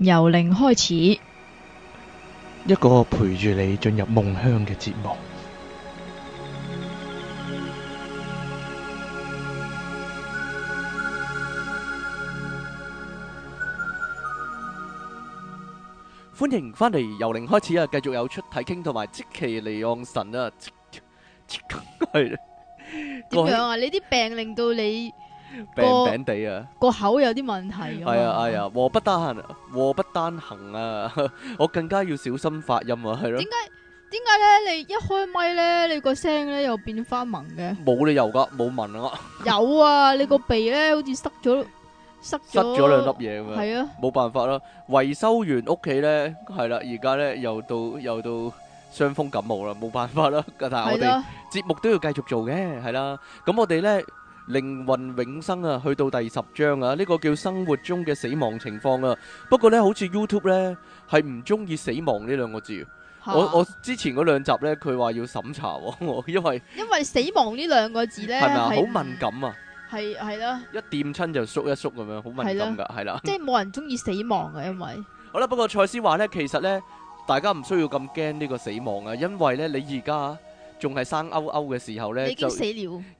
由零開始，一個陪住你進入夢鄉嘅節目。歡迎返嚟由零開始啊！繼續有出體傾同埋即其利昂神啊！係點樣啊？你啲病令到你？病病地啊，個口有啲問題。係啊，哎呀，禍不單行，禍不單行啊！我更加要小心發音啊，係咯。點解？點解咧？你一開咪咧，你個聲咧又變翻萌嘅。冇理由噶，冇萌啊。有啊，你個鼻咧好似塞咗，塞咗。塞咗兩粒嘢咁樣。係啊。冇辦法啦，維修完屋企咧，係啦，而家咧又到又到傷風感冒啦，冇辦法啦。但係我哋節目都要繼續做嘅，係啦。咁我哋咧。靈魂永生啊，去到第十章啊，呢個叫生活中嘅死亡情況啊。不過咧，好似 YouTube 咧係唔中意死亡呢兩個字。我我之前嗰兩集咧，佢話要審查喎，因為因為死亡呢兩個字咧係咪啊，好敏感啊，係係啦，一掂親就縮一縮咁樣，好敏感㗎，係啦，即係冇人中意死亡嘅，因為好啦。不過賽斯話咧，其實咧大家唔需要咁驚呢個死亡啊，因為咧你而家，仲係生勾勾嘅時候咧，你就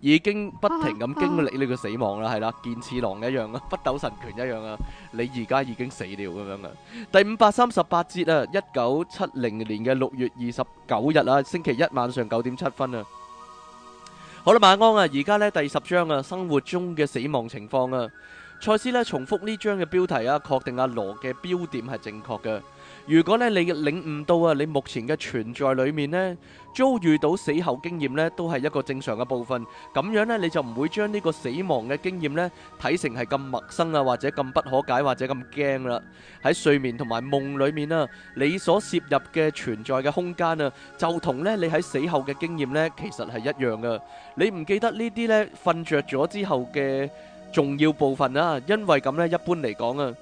已經不停咁經歷呢個死亡啦，係啦，健次郎一樣啊，北斗神拳一樣啊，你而家已經死了咁樣啊。第五百三十八節啊，一九七零年嘅六月二十九日啊，星期一晚上九點七分啊。好啦，晚安啊！而家咧第十章啊，生活中嘅死亡情況啊，賽斯咧重複呢張嘅標題啊，確定阿羅嘅標點係正確嘅。如果咧你嘅領悟到啊，你目前嘅存在裏面咧，遭遇到死後經驗咧，都係一個正常嘅部分。咁樣咧，你就唔會將呢個死亡嘅經驗咧，睇成係咁陌生啊，或者咁不可解，或者咁驚啦。喺睡眠同埋夢裏面啊，你所涉入嘅存在嘅空間啊，就同咧你喺死後嘅經驗咧，其實係一樣噶。你唔記得呢啲咧瞓著咗之後嘅重要部分啦，因為咁咧，一般嚟講啊。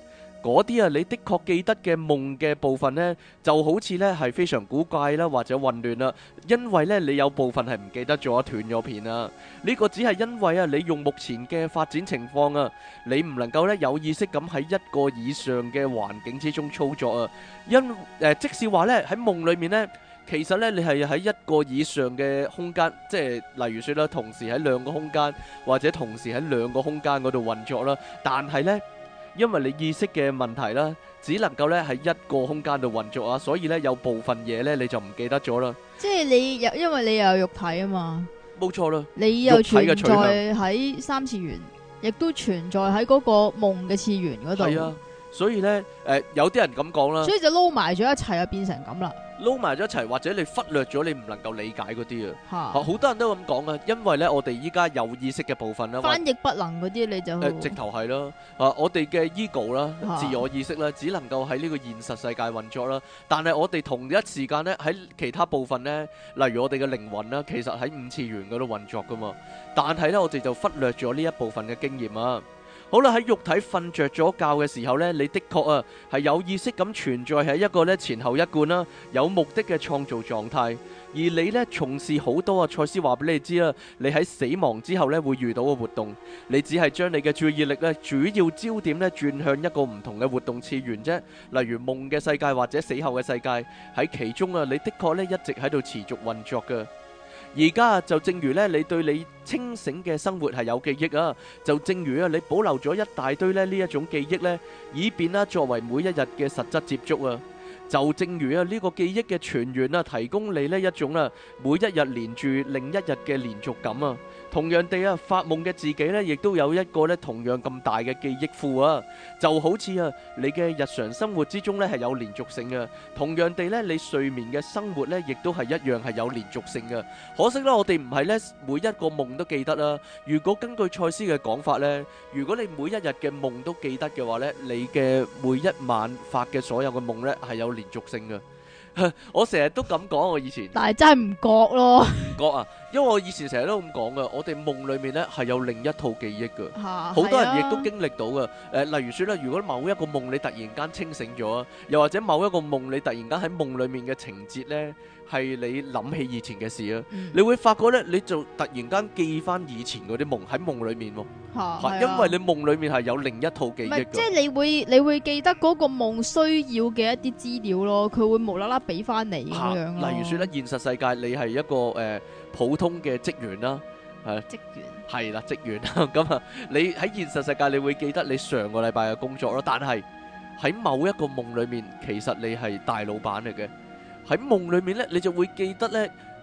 嗰啲啊，你的確記得嘅夢嘅部分咧，就好似咧係非常古怪啦，或者混亂啦，因為咧你有部分係唔記得咗斷咗片啦。呢個只係因為啊，你用目前嘅發展情況啊，你唔能夠咧有意識咁喺一個以上嘅環境之中操作啊。因誒，即使話咧喺夢裏面咧，其實咧你係喺一個以上嘅空間，即係例如說啦，同時喺兩個空間或者同時喺兩個空間嗰度運作啦，但係咧。因為你意識嘅問題啦，只能夠咧喺一個空間度運作啊，所以咧有部分嘢咧你就唔記得咗啦。即係你有，因為你有肉體啊嘛，冇錯啦，你有存在喺三次元，亦都存在喺嗰個夢嘅次元嗰度。係啊所以咧，誒、呃、有啲人咁講啦，所以就撈埋咗一齊啊，變成咁啦。撈埋咗一齊，或者你忽略咗你唔能夠理解嗰啲啊，好、啊、多人都咁講啊，因為咧，我哋依家有意識嘅部分咧，翻譯不能嗰啲你就，呃、直頭係咯，啊我哋嘅 ego 啦，自我意識啦，啊、只能夠喺呢個現實世界運作啦，但係我哋同一時間咧喺其他部分咧，例如我哋嘅靈魂啦，其實喺五次元嗰度運作㗎嘛，但係咧我哋就忽略咗呢一部分嘅經驗啊。好啦，喺肉體瞓着咗覺嘅時候呢，你的確啊係有意識咁存在喺一個咧前後一貫啦，有目的嘅創造狀態。而你咧從事好多啊，賽斯話俾你知啦，你喺死亡之後咧會遇到嘅活動，你只係將你嘅注意力咧主要焦點咧轉向一個唔同嘅活動次元啫，例如夢嘅世界或者死後嘅世界。喺其中啊，你的確咧一直喺度持續運作㗎。而家就正如咧，你對你清醒嘅生活係有記憶啊！就正如啊，你保留咗一大堆咧呢一種記憶咧，以便啊作為每一日嘅實質接觸啊！就正如啊呢個記憶嘅存完啊，提供你呢一種啊每一日連住另一日嘅連續感啊！同樣地啊，發夢嘅自己咧，亦都有一個咧同樣咁大嘅記憶庫啊，就好似啊你嘅日常生活之中咧係有連續性嘅，同樣地咧你睡眠嘅生活咧，亦都係一樣係有連續性嘅。可惜咧，我哋唔係咧每一個夢都記得啦。如果根據賽斯嘅講法咧，如果你每一日嘅夢都記得嘅話咧，你嘅每一晚發嘅所有嘅夢咧係有連續性嘅。我成日都咁講，我以前，但係真係唔覺咯，唔覺啊。因為我以前成日都咁講㗎，我哋夢裏面咧係有另一套記憶㗎，好多人亦都經歷到㗎。誒，例如說咧，如果某一個夢你突然間清醒咗，又或者某一個夢你突然間喺夢裏面嘅情節咧，係你諗起以前嘅事啦，你會發覺咧，你就突然間記翻以前嗰啲夢喺夢裏面，係因為你夢裏面係有另一套記憶。唔係，即係你會你會記得嗰個夢需要嘅一啲資料咯，佢會無啦啦俾翻你咁樣啦。例如說咧，現實世界你係一個誒。普通嘅職員啦，係職員，係啦職員啦，咁啊， 你喺現實世界你會記得你上個禮拜嘅工作咯，但係喺某一個夢裏面，其實你係大老闆嚟嘅，喺夢裏面呢，你就會記得呢，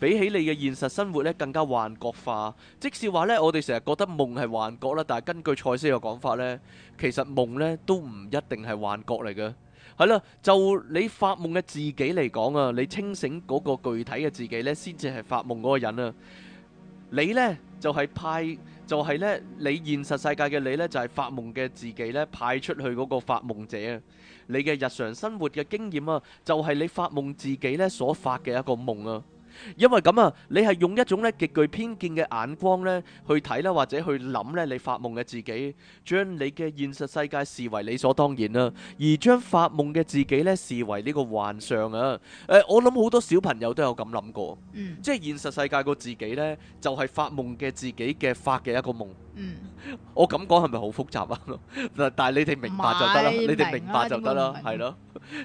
比起你嘅現實生活咧，更加幻覺化。即係話咧，我哋成日覺得夢係幻覺啦，但係根據賽斯嘅講法咧，其實夢咧都唔一定係幻覺嚟嘅。係啦，就你發夢嘅自己嚟講啊，你清醒嗰個具體嘅自己咧，先至係發夢嗰個人啊。你呢，就係、是、派就係咧，你現實世界嘅你咧就係發夢嘅自己咧派出去嗰個發夢者啊。你嘅日常生活嘅經驗啊，就係你發夢自己咧所發嘅一個夢啊。因為咁啊，你係用一種咧極具偏見嘅眼光咧去睇啦，或者去諗咧你發夢嘅自己，將你嘅現實世界視為理所當然啦，而將發夢嘅自己咧視為呢個幻象啊！誒、呃，我諗好多小朋友都有咁諗過，即係現實世界個自己呢，就係發夢嘅自己嘅發嘅一個夢。嗯，我咁講係咪好複雜啊？ 但係你哋明白就得啦，啊、你哋明白就得啦，係咯。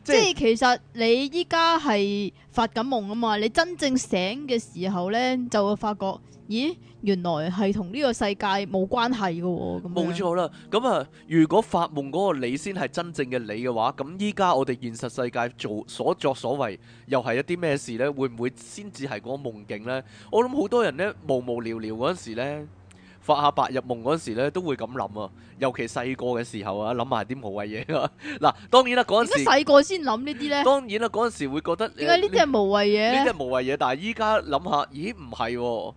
即係其實你依家係發緊夢啊嘛，你真正醒嘅時候呢，就會發覺，咦，原來係同呢個世界冇關係㗎喎。冇錯啦，咁啊，如果發夢嗰個你先係真正嘅你嘅話，咁依家我哋現實世界做所作所為，又係一啲咩事呢？會唔會先至係嗰個夢境呢？我諗好多人呢，無無聊聊嗰陣時呢。發下白日夢嗰時咧，都會咁諗啊，尤其細個嘅時候啊，諗埋啲無謂嘢啊。嗱，當然啦，嗰陣時細個先諗呢啲咧。當然啦，嗰陣時會覺得點解呢啲係無謂嘢，呢啲係無謂嘢，但係依家諗下，咦，唔係喎。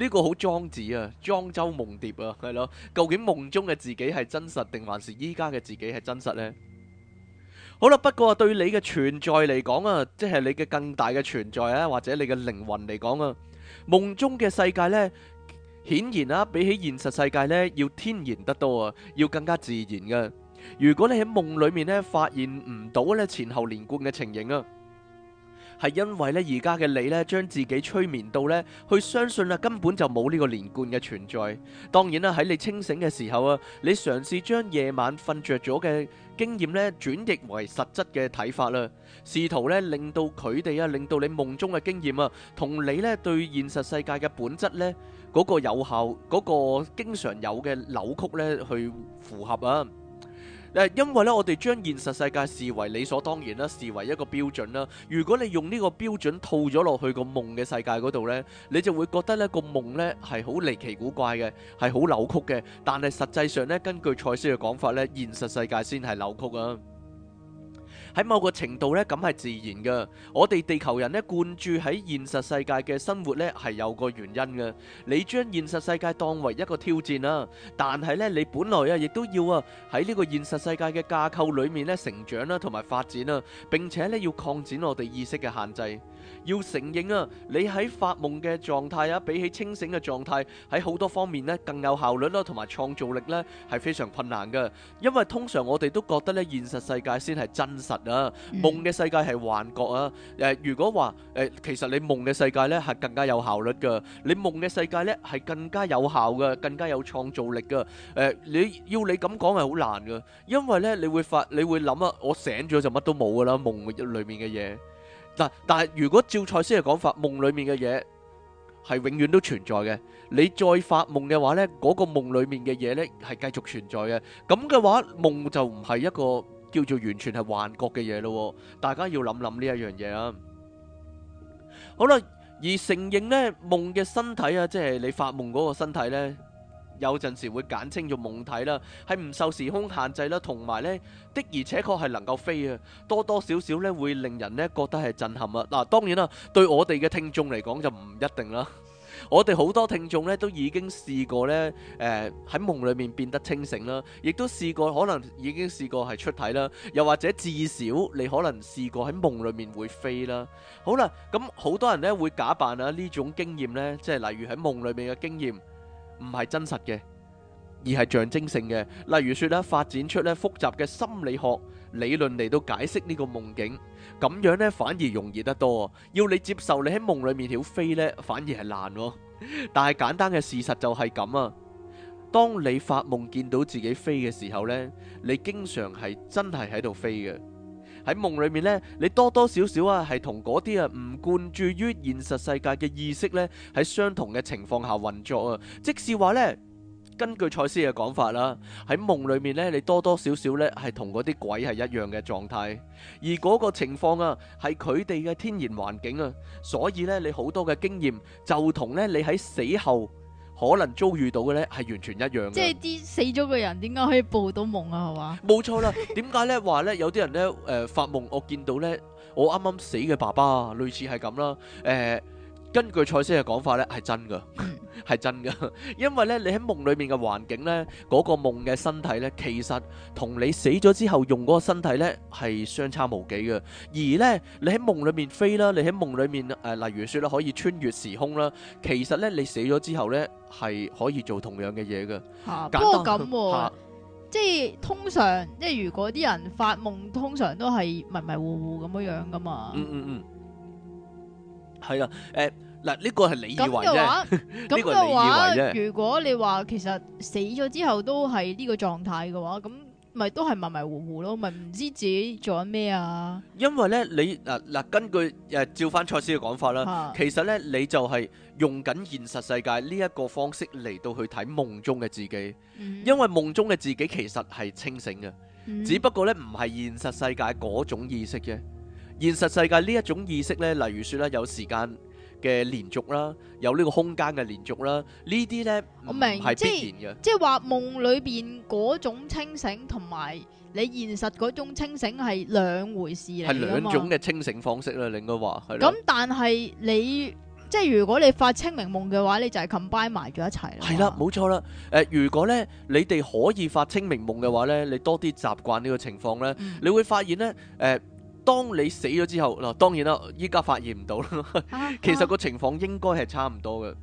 呢個好莊子啊，莊周夢蝶啊，係咯。究竟夢中嘅自己係真實定還是依家嘅自己係真實咧？好啦，不過對你嘅存在嚟講啊，即係你嘅更大嘅存在啊，或者你嘅靈魂嚟講啊，夢中嘅世界咧。顯然啊，比起現實世界呢，要天然得多啊，要更加自然嘅。如果你喺夢裏面呢，發現唔到呢前後連貫嘅情形啊，係因為呢而家嘅你呢，將自己催眠到呢，去相信啊，根本就冇呢個連貫嘅存在。當然啦、啊，喺你清醒嘅時候啊，你嘗試將夜晚瞓着咗嘅經驗呢，轉譯為實質嘅睇法啦、啊，試圖呢，令到佢哋啊，令到你夢中嘅經驗啊，同你呢對現實世界嘅本質呢，嗰個有效，嗰個經常有嘅扭曲咧，去符合啊！誒，因為咧，我哋將現實世界視為理所當然啦，視為一個標準啦。如果你用呢個標準套咗落去個夢嘅世界嗰度咧，你就會覺得咧個夢咧係好離奇古怪嘅，係好扭曲嘅。但係實際上咧，根據賽斯嘅講法咧，現實世界先係扭曲啊！喺某個程度咧，咁係自然嘅。我哋地球人咧，灌注喺現實世界嘅生活咧，係有個原因嘅。你將現實世界當為一個挑戰啦，但係咧，你本來啊，亦都要啊，喺呢個現實世界嘅架構裡面咧，成長啦，同埋發展啦，並且咧要擴展我哋意識嘅限制。要承認啊，你喺發夢嘅狀態啊，比起清醒嘅狀態，喺好多方面咧更有效率啦，同埋創造力咧係非常困難嘅。因為通常我哋都覺得咧現實世界先係真實啊，夢嘅世界係幻覺啊。誒，如果話誒，其實你夢嘅世界咧係更加有效率噶，你夢嘅世界咧係更加有效噶，更加有創造力噶。誒，你要你咁講係好難噶，因為咧你會發你會諗啊，我醒咗就乜都冇噶啦，夢裏面嘅嘢。嗱，但係如果照賽斯嘅講法，夢裏面嘅嘢係永遠都存在嘅。你再發夢嘅話咧，嗰個夢裏面嘅嘢咧係繼續存在嘅。咁嘅話，夢就唔係一個叫做完全係幻覺嘅嘢咯。大家要諗諗呢一樣嘢啊。好啦，而承認咧夢嘅身體啊，即係你發夢嗰個身體咧。有陣時會簡稱做夢體啦，係唔受時空限制啦，同埋咧的而且確係能夠飛啊，多多少少咧會令人咧覺得係震撼啊！嗱，當然啦，對我哋嘅聽眾嚟講就唔一定啦。我哋好多聽眾咧都已經試過咧，誒喺夢裡面變得清醒啦，亦都試過可能已經試過係出體啦，又或者至少你可能試過喺夢裡面會飛啦。好啦，咁好多人咧會假扮啊呢種經驗咧，即係例如喺夢裡面嘅經驗。唔係真實嘅，而係象徵性嘅。例如說咧，發展出咧複雜嘅心理學理論嚟到解釋呢個夢境，咁樣咧反而容易得多。要你接受你喺夢裏面曉飛咧，反而係難。但係簡單嘅事實就係咁啊！當你發夢見到自己飛嘅時候咧，你經常係真係喺度飛嘅。喺夢裏面咧，你多多少少啊，係同嗰啲啊唔灌注於現實世界嘅意識咧，喺相同嘅情況下運作啊。即是話咧，根據賽斯嘅講法啦，喺夢裏面咧，你多多少少咧係同嗰啲鬼係一樣嘅狀態，而嗰個情況啊係佢哋嘅天然環境啊，所以咧你好多嘅經驗就同咧你喺死後，可能遭遇到嘅咧係完全一樣。即係啲死咗嘅人點解可以報到夢啊？係嘛？冇錯啦。點解咧話咧有啲人咧誒、呃、發夢，我見到咧我啱啱死嘅爸爸，類似係咁啦誒。呃根據蔡生嘅講法咧，係真噶，係真噶，因為咧你喺夢裏面嘅環境咧，嗰個夢嘅身體咧，其實同你死咗之後用嗰個身體咧係相差無幾嘅。而咧你喺夢裏面飛啦，你喺夢裏面誒，例如說啦，可以穿越時空啦，其實咧你死咗之後咧係可以做同樣嘅嘢嘅。吓，不過咁，即係通常，即係如果啲人發夢，通常都係迷迷糊糊咁樣樣噶嘛。嗯嗯嗯。係啊，誒嗱，呢個係你以為嘅話、 啊啊，咁嘅話，如果你話其實死咗之後都係呢個狀態嘅話，咁咪都係迷迷糊糊咯，咪唔知自己做緊咩啊？因為咧，你嗱嗱根據誒，照翻賽斯嘅講法啦，其實咧你就係用緊現實世界呢一個方式嚟到去睇夢中嘅自己，因為夢中嘅自己其實係清醒嘅,只不過咧唔係現實世界嗰種意識啫。現實世界呢一種意識咧，例如說咧有時間嘅連續啦，有呢個空間嘅連續啦，呢啲咧，我明，係必然嘅。即係話夢裏邊嗰種清醒，同埋你現實嗰種清醒係兩回事嚟，係兩種嘅清醒方式啦。你應該話係。咁，但係你即係如果你發清明夢嘅話，你就係 combine 埋咗一齊啦。係啦，冇錯啦。誒，如果咧你哋可以發清明夢嘅話咧，你多啲習慣呢個情況咧，你會發現咧，誒、嗯。當你死咗之後，嗱當然啦，依家發現唔到啦，其實個情況應該係差唔多嘅。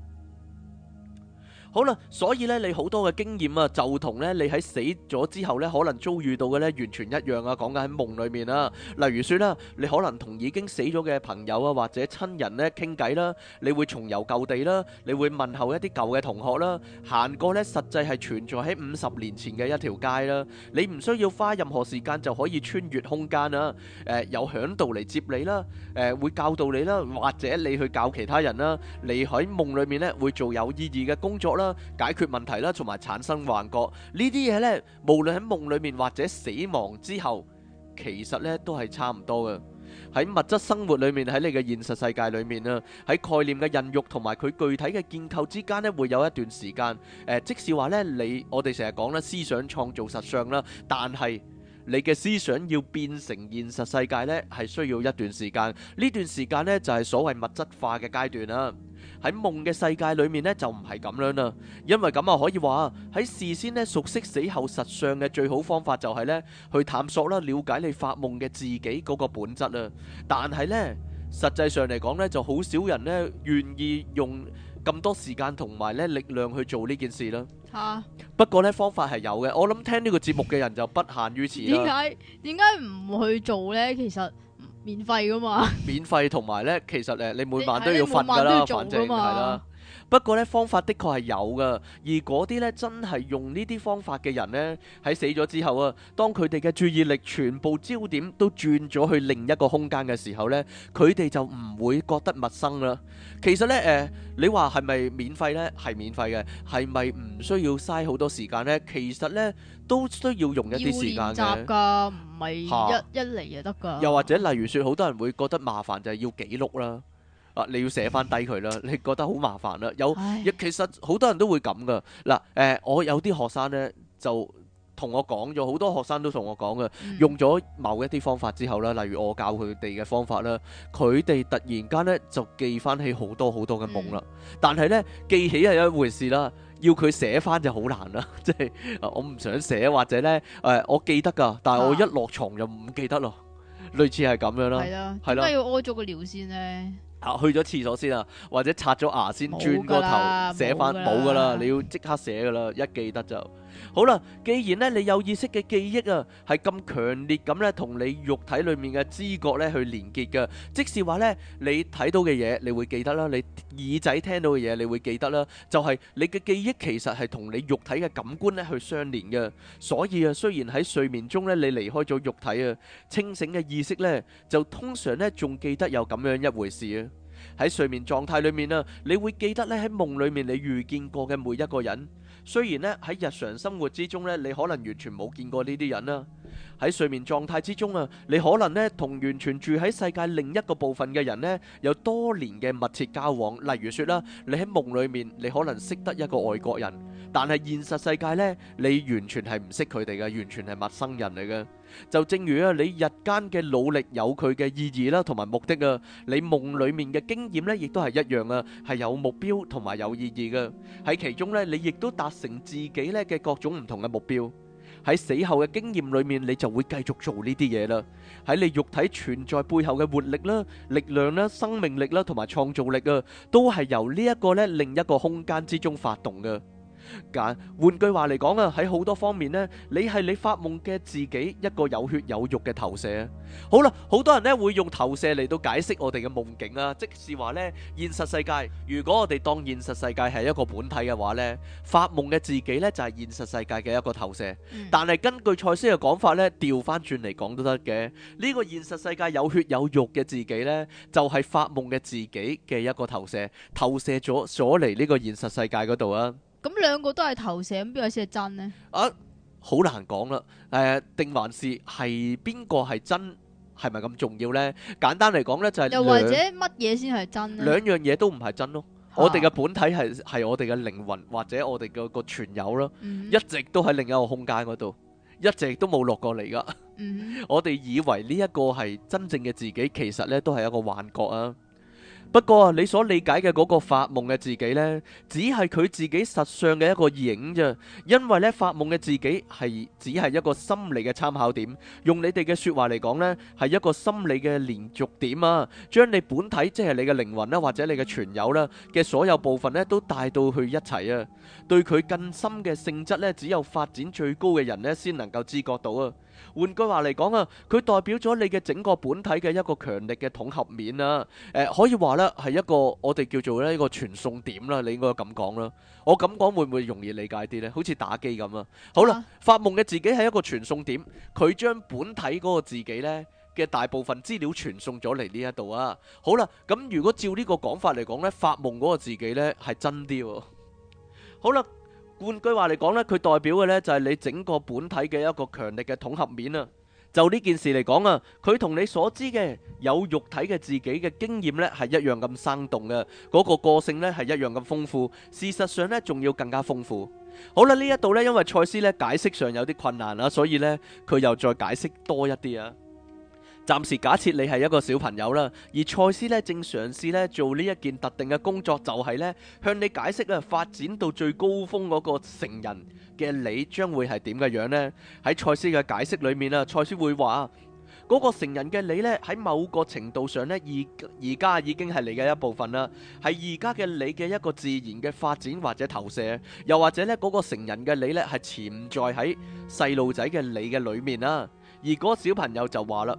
好啦，所以咧，你好多嘅經驗啊，就同咧你喺死咗之後咧，可能遭遇到嘅咧完全一樣啊。講緊喺夢裡面啦，例如說啦，你可能同已經死咗嘅朋友啊或者親人咧傾偈啦，你會重遊舊地啦，你會問候一啲舊嘅同學啦，行過咧實際係存在喺五十年前嘅一條街啦。你唔需要花任何時間就可以穿越空間啦，誒有響度嚟接你啦，誒會教導你啦，或者你去教其他人啦。你喺夢裡面咧會做有意義嘅工作啦。解決問題啦，同埋產生幻覺呢啲嘢呢，無論喺夢裡面或者死亡之後，其實呢都係差唔多嘅。喺物質生活裡面，喺你嘅現實世界裡面啦，喺概念嘅孕育同埋佢具體嘅建構之間咧，會有一段時間。誒、呃，即使話呢，你我哋成日講咧，思想創造實相啦，但係你嘅思想要變成現實世界呢，係需要一段時間。呢段時間呢，就係所謂物質化嘅階段啦。喺夢嘅世界裏面咧就唔係咁樣啦，因為咁啊可以話喺事先咧熟悉死後實相嘅最好方法就係咧去探索啦，了解你發夢嘅自己嗰個本質啦。但係咧實際上嚟講咧就好少人咧願意用咁多時間同埋咧力量去做呢件事啦。吓，不過咧方法係有嘅，我諗聽呢個節目嘅人就不限於此啦。點解點解唔去做咧？其實。免費㗎嘛？ 免費同埋呢，其實誒，你每晚都要瞓㗎啦，你你反正係啦。不過咧方法的確係有噶，而嗰啲咧真係用呢啲方法嘅人咧喺，死咗之後啊，當佢哋嘅注意力全部焦點都轉咗去另一個空間嘅時候咧，佢哋就唔會覺得陌生啦。其實咧誒、呃，你話係咪免費咧？係免費嘅，係咪唔需要嘥好多時間咧？其實咧都需要用一啲時間嘅。要練習噶，唔係一、啊、一嚟就得噶。又或者例如說，好多人會覺得麻煩就係要記錄啦。啊！你要寫翻低佢啦， 你覺得好麻煩啦。有亦其實好多人都會咁噶嗱。誒、呃，我有啲學生咧就同我講咗，好多學生都同我講噶，用咗某一啲方法之後咧，例如我教佢哋嘅方法咧，佢哋突然間咧就記翻起好多好多嘅夢啦。但係咧記起係一回事啦，要佢寫翻就好難啦，即 係我唔想寫或者咧誒、呃，我記得噶，但係我一落床就唔記得咯，啊、類似係咁樣咯。係咯，係 咯，要屙咗個尿先咧。啊，去咗廁所先啊，或者刷咗牙，先轉個頭寫返冇㗎喇，你要即刻寫㗎喇，一記得就。好啦，既然咧你有意識嘅記憶啊，係咁強烈咁咧同你肉體裏面嘅知覺咧去連結嘅，即是話咧你睇到嘅嘢你會記得啦，你耳仔聽到嘅嘢你會記得啦，就係你嘅記憶其實係同你肉體嘅感官咧去相連嘅。所以啊，雖然喺睡眠中咧你離開咗肉體啊，清醒嘅意識咧就通常咧仲記得有咁樣一回事啊。喺睡眠狀態裏面啊，你會記得咧喺夢裏面你遇見過嘅每一個人。雖然呢喺日常生活之中呢，你可能完全冇見過呢啲人啦。喺睡眠狀態之中啊，你可能呢同完全住喺世界另一個部分嘅人呢有多年嘅密切交往。例如說啦，你喺夢裏面，你可能識得一個外國人，但係現實世界呢，你完全係唔識佢哋嘅，完全係陌生人嚟嘅。就正如啊，你日間嘅努力有佢嘅意義啦，同埋目的啊。你夢裏面嘅經驗呢，亦都係一樣啊，係有目標同埋有意義嘅。喺其中呢，你亦都達成自己呢嘅各種唔同嘅目標。喺死後嘅經驗裏面，你就會繼續做呢啲嘢啦。喺你肉體存在背後嘅活力啦、力量啦、生命力啦同埋創造力啊，都係由呢一個咧另一個空間之中發動嘅。夾換句話嚟講啊，喺好多方面呢，你係你發夢嘅自己一個有血有肉嘅投射。好啦，好多人呢會用投射嚟到解釋我哋嘅夢境啊。即是話呢，現實世界，如果我哋當現實世界係一個本體嘅話呢，發夢嘅自己呢就係現實世界嘅一個投射。但係根據賽斯嘅講法呢，掉返轉嚟講都得嘅。呢個現實世界有血有肉嘅自己呢，就係發夢嘅自己嘅一個投射，投射咗咗嚟呢個現實世界嗰度啊。咁兩個都係投射，咁邊個先係真呢？啊，好難講啦。誒，定還是係邊個係真？係咪咁重要呢？簡單嚟講呢，就係又或者乜嘢先係真咧？兩樣嘢都唔係真咯。我哋嘅本體係係我哋嘅靈魂或者我哋嘅個存有咯，一直都喺另一個空間嗰度，一直都冇落過嚟噶。我哋以為呢一個係真正嘅自己，其實呢都係一個幻覺啊。不過你所理解嘅嗰個發夢嘅自己呢，只係佢自己實相嘅一個影啫。因為呢，發夢嘅自己係只係一個心理嘅參考點。用你哋嘅說話嚟講呢，係一個心理嘅連續點啊，將你本體，即係你嘅靈魂啦，或者你嘅存有啦嘅所有部分呢，都帶到去一齊啊。對佢更深嘅性質呢，只有發展最高嘅人呢，先能夠知覺到啊。換句話嚟講啊，佢代表咗你嘅整個本體嘅一個強力嘅統合面啊，誒、呃，可以話咧係一個我哋叫做呢一個傳送點啦，你應該咁講啦。我咁講會唔會容易理解啲呢？好似打機咁啊。好啦，發夢嘅自己係一個傳送點，佢將本體嗰個自己呢嘅大部分資料傳送咗嚟呢一度啊。好啦，咁如果照呢個講法嚟講呢，發夢嗰個自己呢係真啲喎。好啦。換句話嚟講呢，佢代表嘅呢，就係你整個本體嘅一個強力嘅統合面啊！就呢件事嚟講啊，佢同你所知嘅有肉體嘅自己嘅經驗呢係一樣咁生動嘅，嗰個個性呢係一樣咁豐富。事實上呢，仲要更加豐富。好啦，呢一度呢，因為賽斯呢解釋上有啲困難啦，所以呢，佢又再解釋多一啲啊。暫時假設你係一個小朋友啦，而賽斯咧正嘗試咧做呢一件特定嘅工作，就係咧向你解釋啊，發展到最高峰嗰個成人嘅你將會係點嘅樣呢？喺賽斯嘅解釋裏面啊，賽斯會話嗰個成人嘅你呢，喺某個程度上呢，而而家已經係你嘅一部分啦，係而家嘅你嘅一個自然嘅發展或者投射，又或者呢，嗰個成人嘅你呢，係潛在喺細路仔嘅你嘅裡面啦。而嗰小朋友就話啦。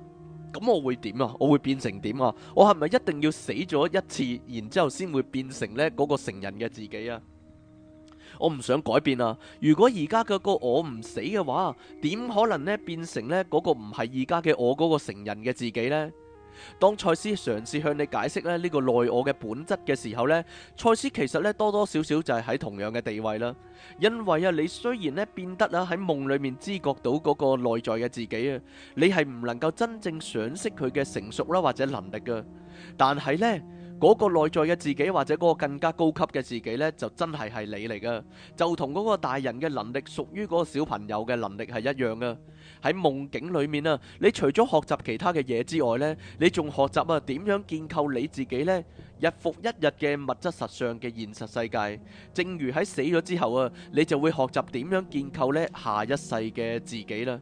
咁我會點啊？我會變成點啊？我係咪一定要死咗一次，然之後先會變成呢嗰個成人嘅自己啊？我唔想改變啊！如果而家嗰個我唔死嘅話，點可能咧變成呢嗰個唔係而家嘅我嗰個成人嘅自己呢？當賽斯嘗試向你解釋咧呢個內我嘅本質嘅時候呢，賽斯其實呢，多多少少就係喺同樣嘅地位啦。因為啊，你雖然呢變得啊喺夢裏面知覺到嗰個內在嘅自己啊，你係唔能夠真正賞識佢嘅成熟啦，或者能力噶。但係呢，嗰、嗰個內在嘅自己或者嗰個更加高級嘅自己呢，就真係係你嚟噶。就同嗰個大人嘅能力屬於嗰個小朋友嘅能力係一樣噶。喺夢境裏面啊，你除咗學習其他嘅嘢之外咧，你仲學習啊點樣建構你自己咧，日復一日嘅物質實相嘅現實世界，正如喺死咗之後啊，你就會學習點樣建構咧下一世嘅自己啦。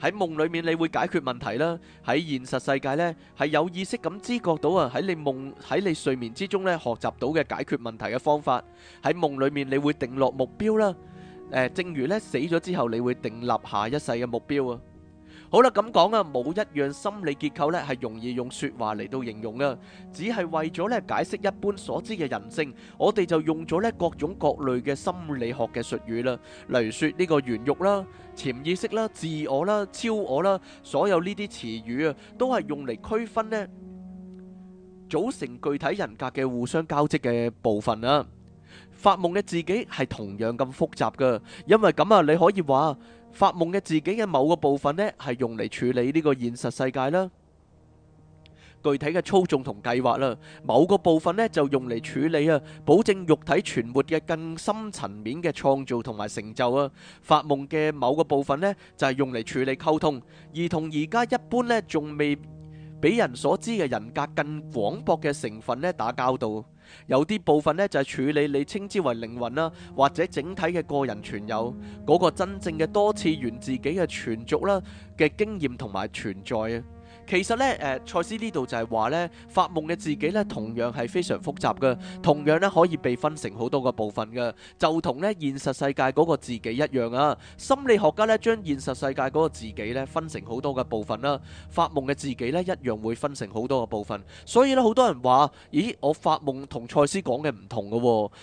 喺夢裏面你會解決問題啦，喺現實世界咧係有意識咁知覺到啊喺你夢喺你睡眠之中咧學習到嘅解決問題嘅方法。喺夢裏面你會定落目標啦。誒，正如咧死咗之後，你會訂立下一世嘅目標啊！好啦，咁講啊，冇一樣心理結構咧係容易用說話嚟到形容嘅，只係為咗咧解釋一般所知嘅人性，我哋就用咗咧各種各類嘅心理學嘅術語啦，例如說呢個原欲啦、潛意識啦、自我啦、超我啦，所有呢啲詞語啊，都係用嚟區分咧組成具體人格嘅互相交織嘅部分啊。發夢嘅自己係同樣咁複雜噶，因為咁啊，你可以話發夢嘅自己嘅某個部分呢，係用嚟處理呢個現實世界啦。具體嘅操縱同計劃啦，某個部分呢就用嚟處理啊，保證肉體存活嘅更深層面嘅創造同埋成就啊。發夢嘅某個部分呢就係用嚟處理溝通，而同而家一般呢仲未俾人所知嘅人格更廣博嘅成分呢打交道。有啲部分呢，就係處理你稱之為靈魂啦，或者整體嘅個人存有嗰個真正嘅多次元自己嘅存續啦嘅經驗同埋存在啊。其實咧，誒，賽斯呢度就係話咧，發夢嘅自己咧，同樣係非常複雜嘅，同樣咧可以被分成好多個部分嘅，就同咧現實世界嗰個自己一樣啊。心理學家咧將現實世界嗰個自己咧分成好多嘅部分啦，發夢嘅自己咧一樣會分成好多個部分。所以咧，好多人話：咦，我發夢同賽斯講嘅唔同噶，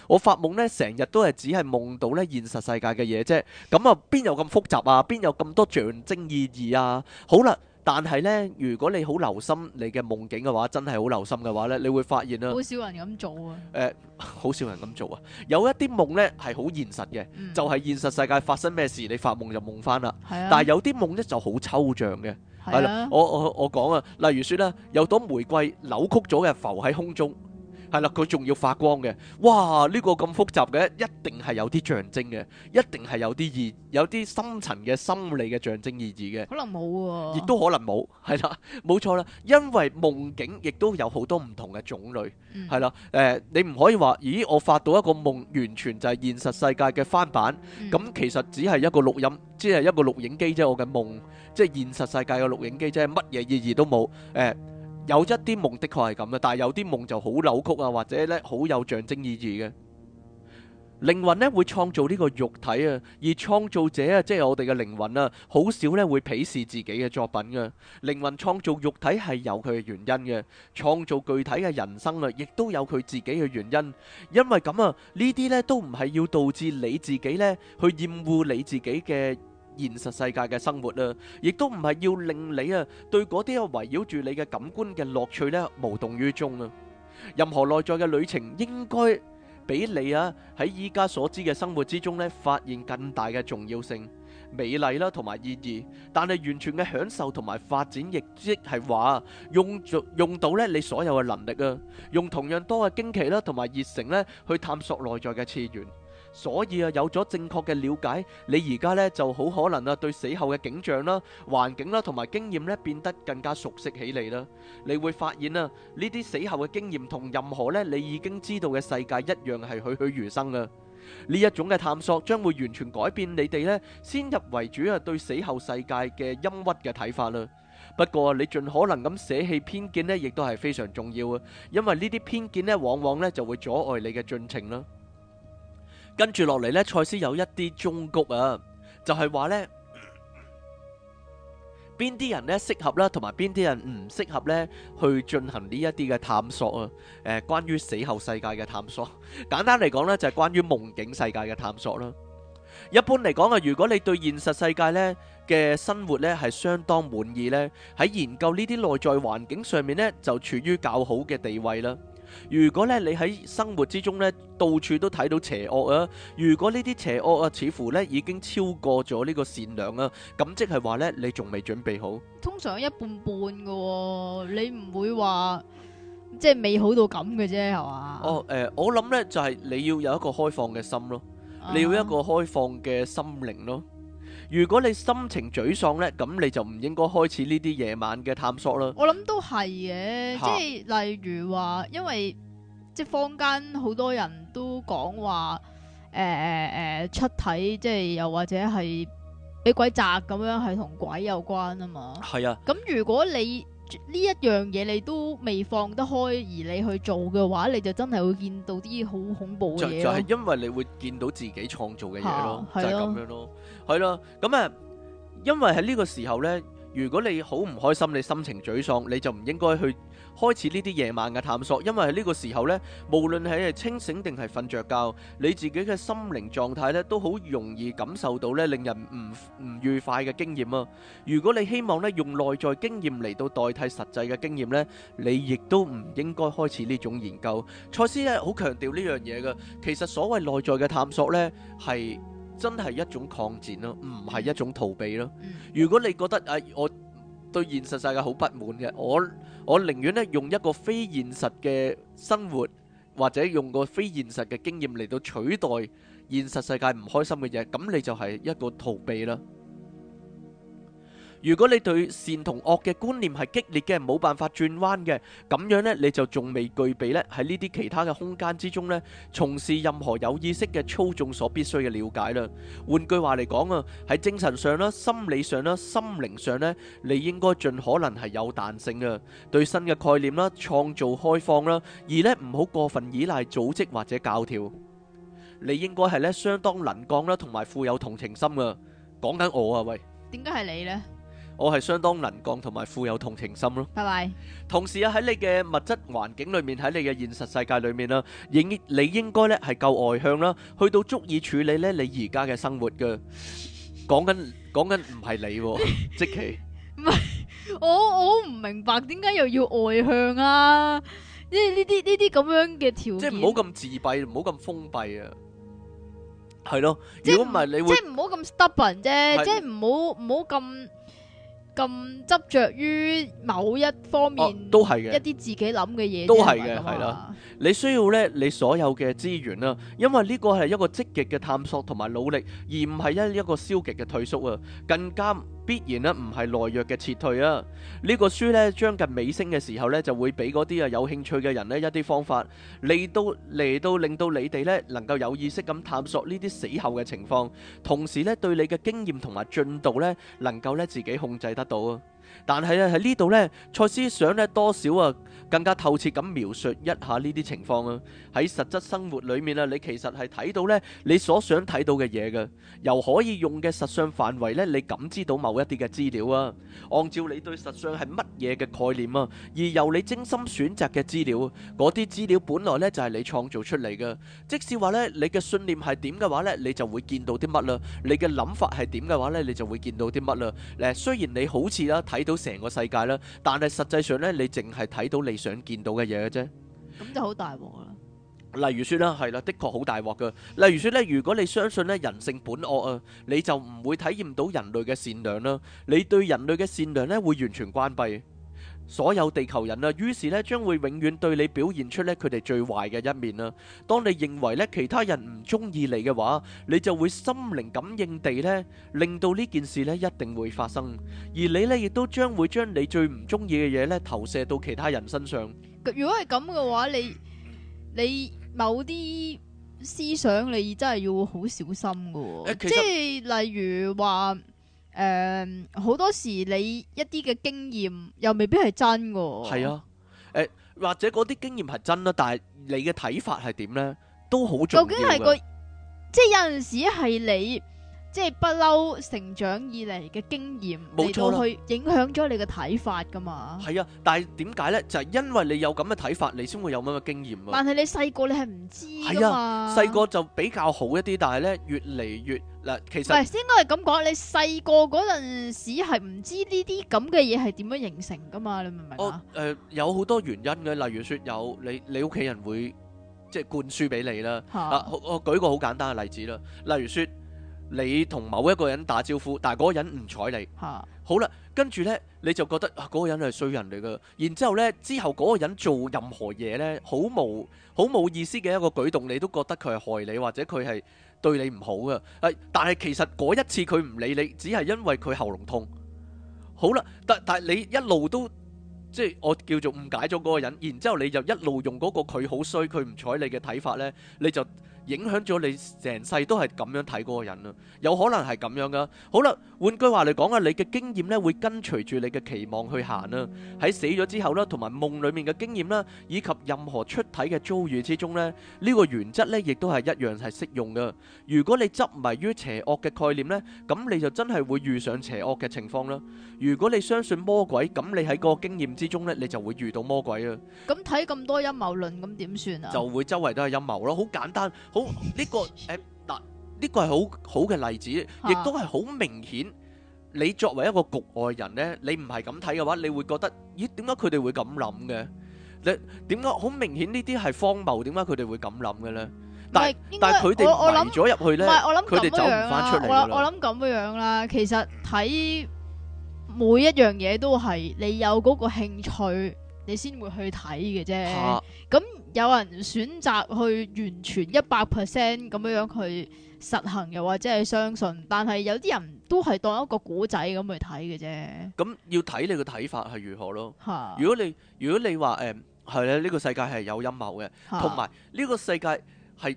我發夢咧成日都係只係夢到咧現實世界嘅嘢啫，咁啊邊有咁複雜啊？邊有咁多象徵意義啊？好啦。但係咧，如果你好留心你嘅夢境嘅話，真係好留心嘅話咧，你會發現啦。好少人咁做啊、呃！誒，好少人咁做啊！有一啲夢咧係好現實嘅，嗯、就係現實世界發生咩事，你發夢就夢翻啦。係啊、但係有啲夢咧就好抽象嘅。係啦係、啊。我我我講啊，例如説啦，有朵玫瑰扭曲咗嘅浮喺空中。係啦，佢仲要發光嘅，哇！呢個咁複雜嘅，一定係有啲象徵嘅，一定係有啲意，有啲深層嘅心理嘅象徵意義嘅。可能冇喎。亦都可能冇，係啦，冇錯啦，因為夢境亦都有好多唔同嘅種類，係啦，嗯，誒，你唔可以話，咦，我發到一個夢，完全就係現實世界嘅翻版，咁，嗯，其實只係一個錄音，只係一個錄影機啫，我嘅夢，即係現實世界嘅錄影機，即係乜嘢意義都冇，誒。有一啲夢，的確係咁啦，但係有啲夢就好扭曲啊，或者呢好有象徵意義嘅。靈魂呢，會創造呢個肉體啊，而創造者啊，即係我哋嘅靈魂啊，好少呢會鄙視自己嘅作品嘅。靈魂創造肉體係有佢嘅原因嘅，創造具體嘅人生啦，亦都有佢自己嘅原因。因為咁啊，呢啲呢都唔係要導致你自己呢去厭惡你自己嘅。現實世界嘅生活啦，亦都唔係要令你啊對嗰啲啊圍繞住你嘅感官嘅樂趣咧無動於衷啦。任何內在嘅旅程應該俾你啊喺依家所知嘅生活之中咧發現更大嘅重要性、美麗啦同埋意義。但係完全嘅享受同埋發展亦即係話用用到咧你所有嘅能力啊，用同樣多嘅驚奇啦同埋熱誠咧去探索內在嘅次元。所以啊，有咗正確嘅了解，你而家呢就好可能啊，對死後嘅景象啦、環境啦同埋經驗呢，變得更加熟悉起嚟啦。你會發現啊，呢啲死後嘅經驗同任何呢你已經知道嘅世界一樣係栩栩如生嘅。呢一種嘅探索將會完全改變你哋呢先入為主啊對死後世界嘅陰鬱嘅睇法啦。不過你盡可能咁捨棄偏見呢，亦都係非常重要啊，因為呢啲偏見呢往往呢就會阻礙你嘅進程啦。跟住落嚟咧，賽斯有一啲忠告啊，就係話呢，邊啲人咧適合啦，同埋邊啲人唔適合呢去進行呢一啲嘅探索啊。誒、呃，關於死後世界嘅探索，簡單嚟講呢，就係關於夢境世界嘅探索啦。一般嚟講啊，如果你對現實世界呢嘅生活呢係相當滿意呢，喺研究呢啲內在環境上面呢，就處於較好嘅地位啦。如果咧你喺生活之中咧，到處都睇到邪惡啊！如果呢啲邪惡啊，似乎咧已經超過咗呢個善良啊，咁即係話咧，你仲未準備好。通常一半半㗎、哦，你唔會話即係美好到咁嘅啫，係嘛？哦、oh, uh,，誒，我諗咧就係、是、你要有一個開放嘅心咯，你要一個開放嘅心靈咯。Uh huh. 如果你心情沮喪呢，咁你就唔應該開始呢啲夜晚嘅探索啦。我諗都係嘅，啊、即係例如話，因為即係坊間好多人都講話，誒誒誒出體，即係又或者係俾鬼襲咁樣，係同鬼有關啊嘛。係啊，咁如果你呢一樣嘢你都未放得開，而你去做嘅話，你就真係會見到啲好恐怖嘅嘢。就係、是、因為你會見到自己創造嘅嘢咯，啊啊、就係咁樣咯。係咯，咁啊，因為喺呢個時候咧，如果你好唔開心，你心情沮喪，你就唔應該去開始呢啲夜晚嘅探索，因為喺呢個時候咧，無論係係清醒定係瞓着覺，你自己嘅心靈狀態咧，都好容易感受到咧，令人唔唔愉快嘅經驗啊！如果你希望咧用內在經驗嚟到代替實際嘅經驗咧，你亦都唔應該開始呢種研究。賽斯咧好強調呢樣嘢嘅，其實所謂內在嘅探索咧係。真係一種擴展咯，唔係一種逃避咯。如果你覺得啊、哎，我對現實世界好不滿嘅，我我寧願咧用一個非現實嘅生活，或者用個非現實嘅經驗嚟到取代現實世界唔開心嘅嘢，咁你就係一個逃避啦。如果你對善同惡嘅觀念係激烈嘅，係冇辦法轉彎嘅，咁樣呢，你就仲未具備呢喺呢啲其他嘅空間之中呢，從事任何有意識嘅操縱所必須嘅了解啦。換句話嚟講啊，喺精神上啦、心理上啦、心靈上呢，你應該盡可能係有彈性啊，對新嘅概念啦、創造開放啦，而呢唔好過分依賴組織或者教條。你應該係呢相當能幹啦，同埋富有同情心啊。講緊我啊，喂，點解係你呢？我係相當能幹同埋富有同情心咯。拜拜。同時啊，喺你嘅物質環境裏面，喺你嘅現實世界裏面啊，應你應該咧係夠外向啦，去到足以處理咧你而家嘅生活噶。講緊講緊唔係你，即係唔係？我我唔明白點解又要外向啊？因為呢啲呢啲咁樣嘅條件，即係唔好咁自閉，唔好咁封閉啊。係咯，如果唔係你會即係唔好咁 stubborn 啫，即係唔好唔好咁。咁執着於某一方面，啊，都係嘅一啲自己諗嘅嘢，都係嘅，係啦。你需要咧，你所有嘅資源啦，因為呢個係一個積極嘅探索同埋努力，而唔係一一個消極嘅退縮啊，更加。必然咧唔係懦弱嘅撤退啊！呢、這個書咧將近尾聲嘅時候呢，就會俾嗰啲啊有興趣嘅人呢一啲方法，嚟到嚟到令到你哋呢能夠有意識咁探索呢啲死後嘅情況，同時呢對你嘅經驗同埋進度呢能夠呢自己控制得到啊！但係咧喺呢度呢，賽斯想咧多少啊～更加透徹咁描述一下呢啲情況啊！喺實質生活裏面啊，你其實係睇到咧你所想睇到嘅嘢嘅，由可以用嘅實相範圍咧，你感知到某一啲嘅資料啊。按照你對實相係乜嘢嘅概念啊，而由你精心選擇嘅資料，嗰啲資料本來咧就係你創造出嚟嘅。即係話咧你嘅信念係點嘅話咧，你就會見到啲乜啦。你嘅諗法係點嘅話咧，你就會見到啲乜啦。誒，雖然你好似啦睇到成個世界啦，但係實際上咧你淨係睇到你。你想見到嘅嘢啫，咁就好大鑊啦。例如說啦，係啦，的確好大鑊㗎。例如說咧，如果你相信咧人性本惡啊，你就唔會體驗到人類嘅善良啦。你對人類嘅善良咧，會完全關閉。所有地球人啊，於是咧將會永遠對你表現出咧佢哋最壞嘅一面啊。當你認為咧其他人唔中意你嘅話，你就會心靈感應地咧令到呢件事咧一定會發生，而你咧亦都將會將你最唔中意嘅嘢咧投射到其他人身上。如果係咁嘅話，你你某啲思想你真係要好小心嘅喎。即係例如話。誒，好、um, 多時你一啲嘅經驗又未必係真嘅。係啊，誒、呃，或者嗰啲經驗係真啦，但係你嘅睇法係點咧，都好重要嘅。究竟係個，即係有陣時係你，即係不嬲成長以嚟嘅經驗嚟到去影響咗你嘅睇法噶嘛。係啊，但係點解咧？就係、是、因為你有咁嘅睇法，你先會有咁嘅經驗、啊。但係你細個你係唔知噶嘛。細個就比較好一啲，但係咧越嚟越。嗱，其實唔係，應該係咁講。你細個嗰陣時係唔知呢啲咁嘅嘢係點樣形成噶嘛？你明唔明啊？我誒有好多原因嘅，例如説有你你屋企人會即係灌輸俾你啦。啊，我舉個好簡單嘅例子啦。例如説，你同某一個人打招呼，但係嗰個人唔睬你。嚇！好啦，跟住呢你就覺得嗰個人係衰人嚟㗎。然之後呢，之後嗰個人做任何嘢呢，好冇好冇意思嘅一個舉動，你都覺得佢係害你，或者佢係。對你唔好噶，但係其實嗰一次佢唔理你，只係因為佢喉嚨痛。好啦，但但係你一路都即係我叫做誤解咗嗰個人，然之後你就一路用嗰個佢好衰，佢唔睬你嘅睇法呢，你就。影響咗你成世都係咁樣睇嗰個人啊，有可能係咁樣噶。好啦，換句話嚟講啊，你嘅經驗咧會跟隨住你嘅期望去行啊。喺死咗之後啦，同埋夢裡面嘅經驗啦，以及任何出體嘅遭遇之中咧，呢個原則咧亦都係一樣係適用嘅。如果你執迷於邪惡嘅概念咧，咁你就真係會遇上邪惡嘅情況啦。如果你相信魔鬼，咁你喺個經驗之中咧，你就會遇到魔鬼啊。咁睇咁多陰謀論，咁點算啊？就會周圍都係陰謀咯，好簡單。好呢個誒嗱，呢個係好好嘅例子，亦都係好明顯。你作為一個局外人咧，你唔係咁睇嘅話，你會覺得咦？點解佢哋會咁諗嘅？你點解好明顯呢啲係荒謬？點解佢哋會咁諗嘅咧？但係但係佢哋圍咗入去咧，佢哋走唔翻出嚟咯。我諗咁樣樣啦，其實睇每一樣嘢都係你有嗰個興趣。你先會去睇嘅啫，咁哈有人選擇去完全一百 percent 咁樣樣去實行，又或者係相信，但係有啲人都係當一個古仔咁去睇嘅啫。咁要睇你嘅睇法係如何咯？哈如果你如果你話誒係咧，呢、呃呢個世界係有陰謀嘅，同埋呢個世界係。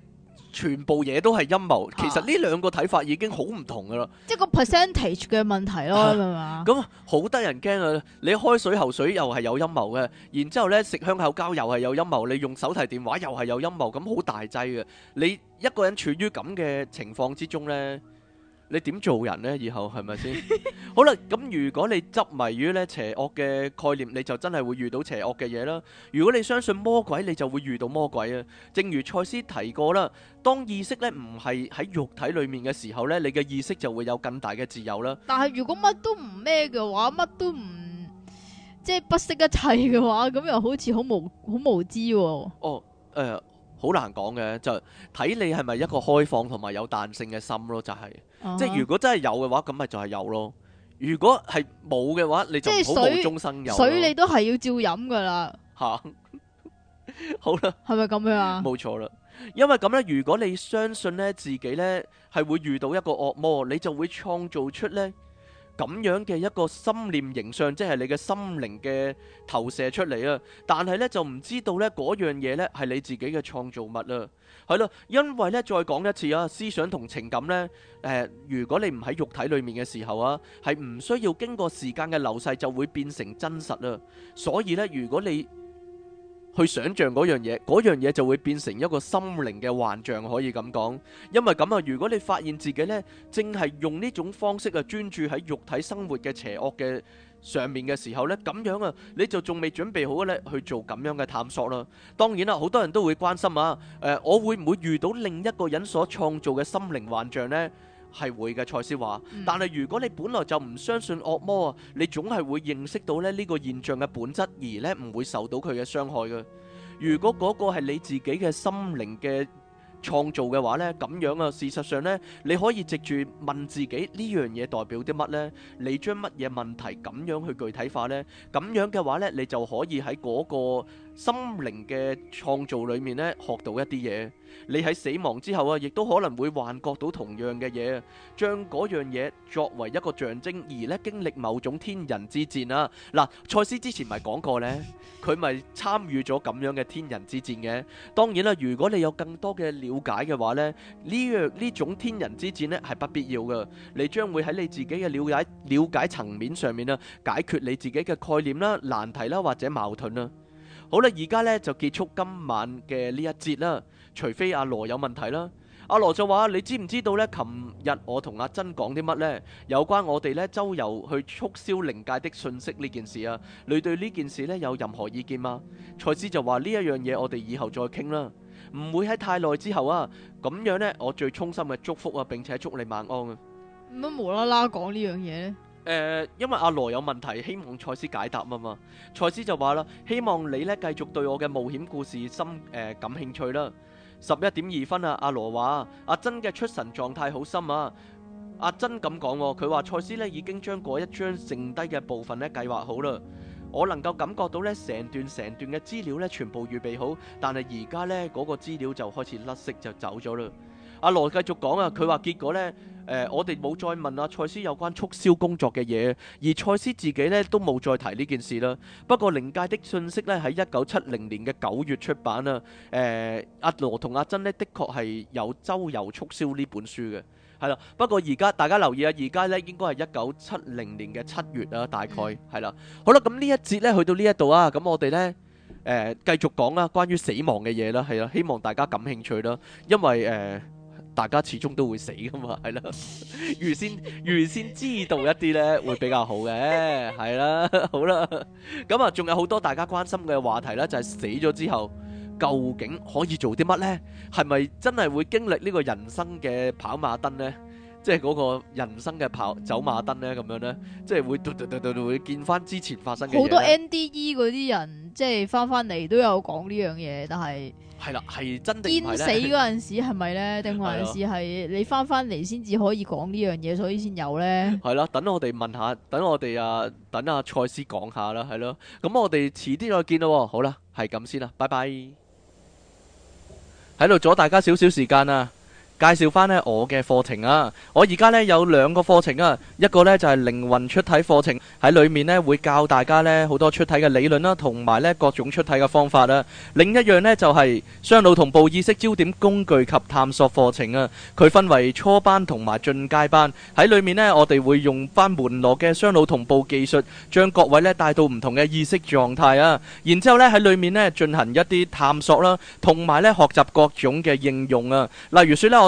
全部嘢都係陰謀，其實呢兩個睇法已經好唔同㗎喇，即係個 percentage 嘅問題咯，咁好得人驚啊！你開水喉水又係有陰謀嘅，然之後呢食香口膠又係有陰謀，你用手提電話又係有陰謀，咁好大劑嘅。你一個人處於咁嘅情況之中呢。你點做人呢？以後係咪先？ 好啦，咁如果你執迷於咧邪惡嘅概念，你就真係會遇到邪惡嘅嘢啦。如果你相信魔鬼，你就會遇到魔鬼啊。正如賽斯提過啦，當意識咧唔係喺肉體裏面嘅時候咧，你嘅意識就會有更大嘅自由啦。但係如果乜都唔咩嘅話，乜都唔即係不識一切嘅話，咁又好似好無好無知喎。哦，誒、哦，好、呃、難講嘅，就睇你係咪一個開放同埋有彈性嘅心咯、就是，就係。即係如果真係有嘅話，咁咪就係有咯。如果係冇嘅話，你就唔好無中生有。水你都係要照飲噶啦。吓 了，好啦，係咪咁樣啊？冇錯啦，因為咁咧，如果你相信咧自己咧係會遇到一個惡魔，你就會創造出咧。咁樣嘅一個心念形象，即係你嘅心靈嘅投射出嚟啊！但係呢，就唔知道呢嗰樣嘢呢係你自己嘅創造物啊！係啦，因為呢，再講一次啊，思想同情感呢，誒，如果你唔喺肉體裏面嘅時候啊，係唔需要經過時間嘅流逝就會變成真實啊！所以呢，如果你去想象嗰樣嘢，嗰樣嘢就會變成一個心靈嘅幻象，可以咁講。因為咁啊，如果你發現自己呢，正係用呢種方式啊，專注喺肉體生活嘅邪惡嘅上面嘅時候呢，咁樣啊，你就仲未準備好呢去做咁樣嘅探索啦。當然啦，好多人都會關心啊，誒、呃，我會唔會遇到另一個人所創造嘅心靈幻象呢？係會嘅，賽斯話。但係如果你本來就唔相信惡魔啊，你總係會認識到咧呢個現象嘅本質，而咧唔會受到佢嘅傷害嘅。如果嗰個係你自己嘅心靈嘅創造嘅話咧，咁樣啊，事實上咧，你可以藉住問自己呢樣嘢代表啲乜咧？你將乜嘢問題咁樣去具體化咧？咁樣嘅話咧，你就可以喺嗰個心靈嘅創造裏面咧學到一啲嘢。你喺死亡之後啊，亦都可能會幻覺到同樣嘅嘢，將嗰樣嘢作為一個象徵而呢，而咧經歷某種天人之戰啦。嗱、啊，賽斯之前咪講過呢佢咪參與咗咁樣嘅天人之戰嘅。當然啦，如果你有更多嘅了解嘅話咧，呢樣呢種天人之戰咧係不必要嘅，你將會喺你自己嘅了解了解層面上面啦，解決你自己嘅概念啦、難題啦或者矛盾啦。好啦，而家呢就結束今晚嘅呢一節啦。除非阿羅有問題啦，阿羅就話：你知唔知道呢？琴日我同阿珍講啲乜呢？有關我哋呢周遊去促銷靈界的信息呢件事啊？你對呢件事呢有任何意見嗎、啊？賽斯就話呢一樣嘢，我哋以後再傾啦，唔會喺太耐之後啊。咁樣呢，我最衷心嘅祝福啊，並且祝你晚安啊。乜無啦啦講呢樣嘢咧？誒、呃，因為阿羅有問題，希望賽斯解答啊嘛。賽斯就話啦：希望你呢繼續對我嘅冒險故事深誒、呃、感興趣啦。十一點二分啊！阿羅話阿珍嘅出神狀態好深啊！阿珍咁講喎，佢話賽斯咧已經將嗰一張剩低嘅部分咧計劃好啦。我能夠感覺到呢成段成段嘅資料咧全部預備好，但係而家呢嗰個資料就開始甩色就走咗啦。阿羅繼續講啊，佢話結果呢。誒，我哋冇再問阿賽斯有關促銷工作嘅嘢，而賽斯自己咧都冇再提呢件事啦。不過，《靈界的訊息》咧喺一九七零年嘅九月出版啦。誒，阿羅同阿珍咧，的確係有周遊促銷呢本書嘅，係啦。不過而家大家留意啊，而家咧應該係一九七零年嘅七月啦，大概係啦。好啦，咁呢一節咧去到呢一度啊，咁我哋咧誒繼續講啦，關於死亡嘅嘢啦，係啦，希望大家感興趣啦，因為誒。大家始終都會死噶嘛，係啦？預 先預先知道一啲咧， 會比較好嘅，係啦，好啦。咁啊，仲有好多大家關心嘅話題咧，就係、是、死咗之後究竟可以做啲乜咧？係咪真係會經歷呢個人生嘅跑馬燈咧？即係嗰個人生嘅跑走馬燈咧，咁樣咧，即係會對對對對會見翻之前發生嘅事，好多 NDE 嗰啲人，即係翻翻嚟都有講呢樣嘢，但係。係啦，係真定係死嗰陣時係咪呢？定還是係你翻翻嚟先至可以講呢樣嘢，所以先有呢？係啦，等我哋問下，等我哋啊，等阿賽斯講下啦，係咯。咁我哋遲啲再見啦。好啦，係咁先啦，拜拜。喺度阻大家少少時間啊！介紹翻呢我嘅課程啊！我而家呢有兩個課程啊，一個呢就係靈魂出體課程，喺裏面呢會教大家呢好多出體嘅理論啦，同埋呢各種出體嘅方法啦。另一樣呢就係雙腦同步意識焦點工具及探索課程啊。佢分為初班同埋進階班，喺裏面呢我哋會用翻門羅嘅雙腦同步技術，將各位呢帶到唔同嘅意識狀態啊。然之後呢喺裏面呢進行一啲探索啦，同埋呢學習各種嘅應用啊。例如説呢我。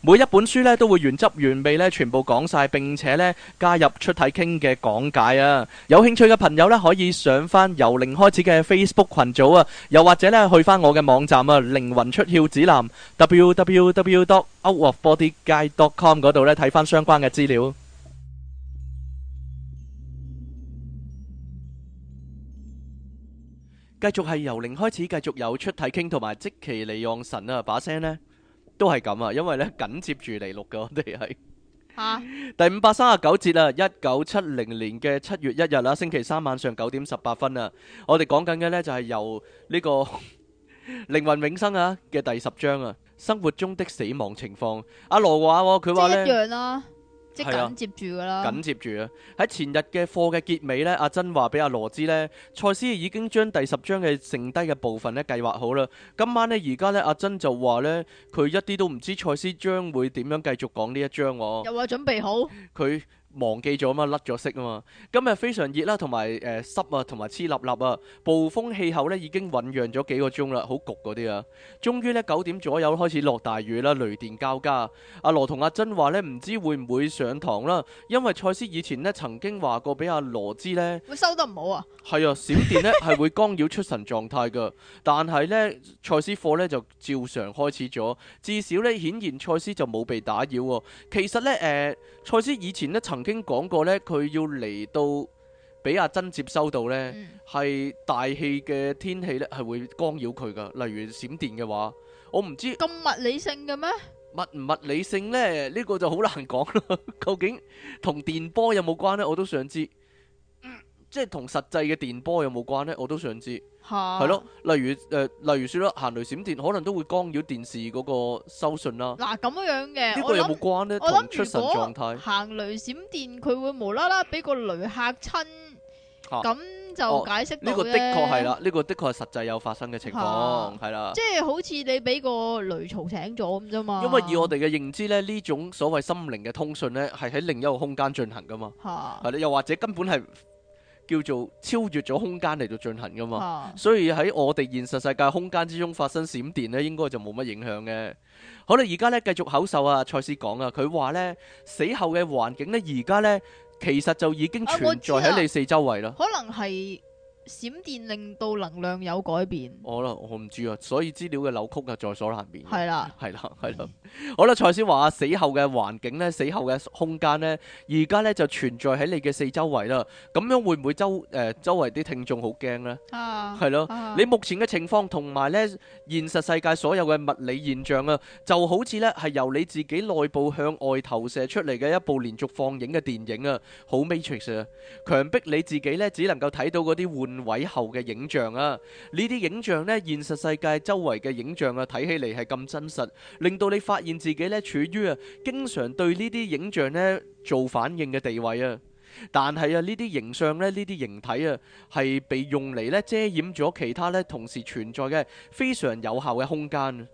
每一本書咧都會原汁原味咧全部講晒，並且咧加入出體傾嘅講解啊！有興趣嘅朋友咧可以上翻由零開始嘅 Facebook 群組啊，又或者咧去翻我嘅網站啊靈魂出竅指南 www.outofbodyguide.com 嗰度咧睇翻相關嘅資料。繼續係由零開始，繼續有出體傾同埋即其利用神啊把聲咧。都係咁啊，因為咧緊接住嚟錄嘅我哋係吓第五百三十九節啊，一九七零年嘅七月一日啦，星期三晚上九點十八分啊，我哋講緊嘅呢，就係、是、由呢個靈 魂永生啊嘅第十章啊，生活中的死亡情況。阿羅嘅話，佢話咧。係緊接住啦。緊接住啊！喺前日嘅課嘅結尾呢，阿珍話俾阿羅知呢，賽斯已經將第十章嘅剩低嘅部分呢計劃好啦。今晚呢，而家呢，阿珍就話呢，佢一啲都唔知賽斯將會點樣繼續講呢一章。又話準備好佢。忘記咗嘛，甩咗色啊嘛！今日非常熱啦，啊，同埋誒濕啊，同埋黐笠笠啊！暴風氣候呢已經醖釀咗幾個鐘啦，好焗嗰啲啊！終於呢，九點左右開始落大雨啦，雷電交加。阿羅同阿珍話呢，唔知會唔會上堂啦，因為賽斯以前呢曾經話過俾阿羅知呢，會收得唔好啊。係啊，閃電呢係 會干擾出神狀態嘅，但係呢，賽斯課呢就照常開始咗。至少呢，顯然賽斯就冇被打擾喎，哦。其實呢，誒、呃，賽斯以前呢。曾。曾經講過咧，佢要嚟到俾阿珍接收到咧，係大氣嘅天氣咧係會干擾佢噶，例如閃電嘅話，我唔知咁物理性嘅咩物唔物理性咧呢個就好難講啦，究竟同電波有冇關咧？我都想知。即係同實際嘅電波有冇關呢？我都想知，係咯、啊，例如誒、呃，例如說啦，行雷閃電可能都會干擾電視嗰個收訊啦。嗱、啊，咁樣嘅呢個有冇關呢？同想出神狀態行雷閃電佢會無啦啦俾個雷嚇親，咁、啊、就解釋呢、啊哦呢個的確係啦，呢、呢個的確係實際有發生嘅情況係啦。啊啊、即係好似你俾個雷嘈醒咗咁啫嘛。因為以我哋嘅認知咧，呢種所謂心靈嘅通訊呢，係喺另一個空間進行噶嘛。係啦、啊，又或者根本係。叫做超越咗空間嚟到進行㗎嘛，啊、所以喺我哋現實世界空間之中發生閃電咧，應該就冇乜影響嘅。好啦，而家咧繼續口授啊，賽斯講啊，佢話咧死後嘅環境咧，而家咧其實就已經存在喺你四周圍啦、啊。可能係。閃電令到能量有改變，oh, 我啦，我唔知啊，所以資料嘅扭曲啊，在所難免。係啦的，係啦，係啦。好啦，蔡先華啊，死後嘅環境咧，死後嘅空間咧，而家咧就存在喺你嘅四周圍啦。咁樣會唔會周誒、呃、周圍啲聽眾好驚呢？啊，係咯的，啊、你目前嘅情況同埋咧，現實世界所有嘅物理現象啊，就好似咧係由你自己內部向外投射出嚟嘅一部連續放映嘅電影啊，好 Matrix 啊，強迫你自己咧只能夠睇到嗰啲換。位後嘅影像啊，呢啲影像呢，現實世界周圍嘅影像啊，睇起嚟係咁真實，令到你發現自己呢處於啊，經常對呢啲影像呢做反應嘅地位啊。但係啊，呢啲形象呢，呢啲形體啊，係被用嚟咧遮掩咗其他呢同時存在嘅非常有效嘅空間。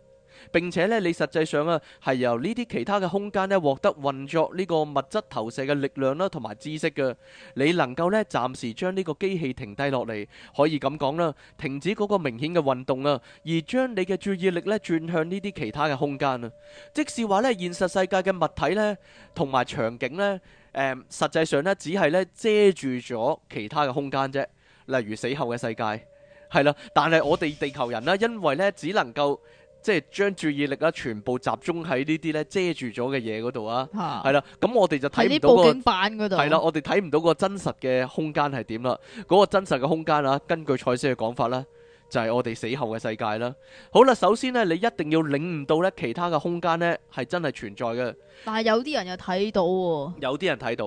並且咧，你實際上啊係由呢啲其他嘅空間咧獲得運作呢個物質投射嘅力量啦，同埋知識嘅。你能夠咧暫時將呢個機器停低落嚟，可以咁講啦，停止嗰個明顯嘅運動啊，而將你嘅注意力咧轉向呢啲其他嘅空間啊。即是話咧，現實世界嘅物體呢，同埋場景呢，誒、嗯、實際上咧只係咧遮住咗其他嘅空間啫，例如死後嘅世界係啦。但係我哋地球人呢，因為呢，只能夠。即係將注意力啊，全部集中喺呢啲咧遮住咗嘅嘢嗰度啊，係啦、啊，咁我哋就睇唔到度、那個，係啦，我哋睇唔到個真實嘅空間係點啦，嗰、那個真實嘅空間啊，根據賽斯嘅講法咧，就係、是、我哋死後嘅世界啦。好啦，首先呢，你一定要領悟到咧，其他嘅空間咧係真係存在嘅。但係有啲人又睇到，哦、到，有啲人睇到，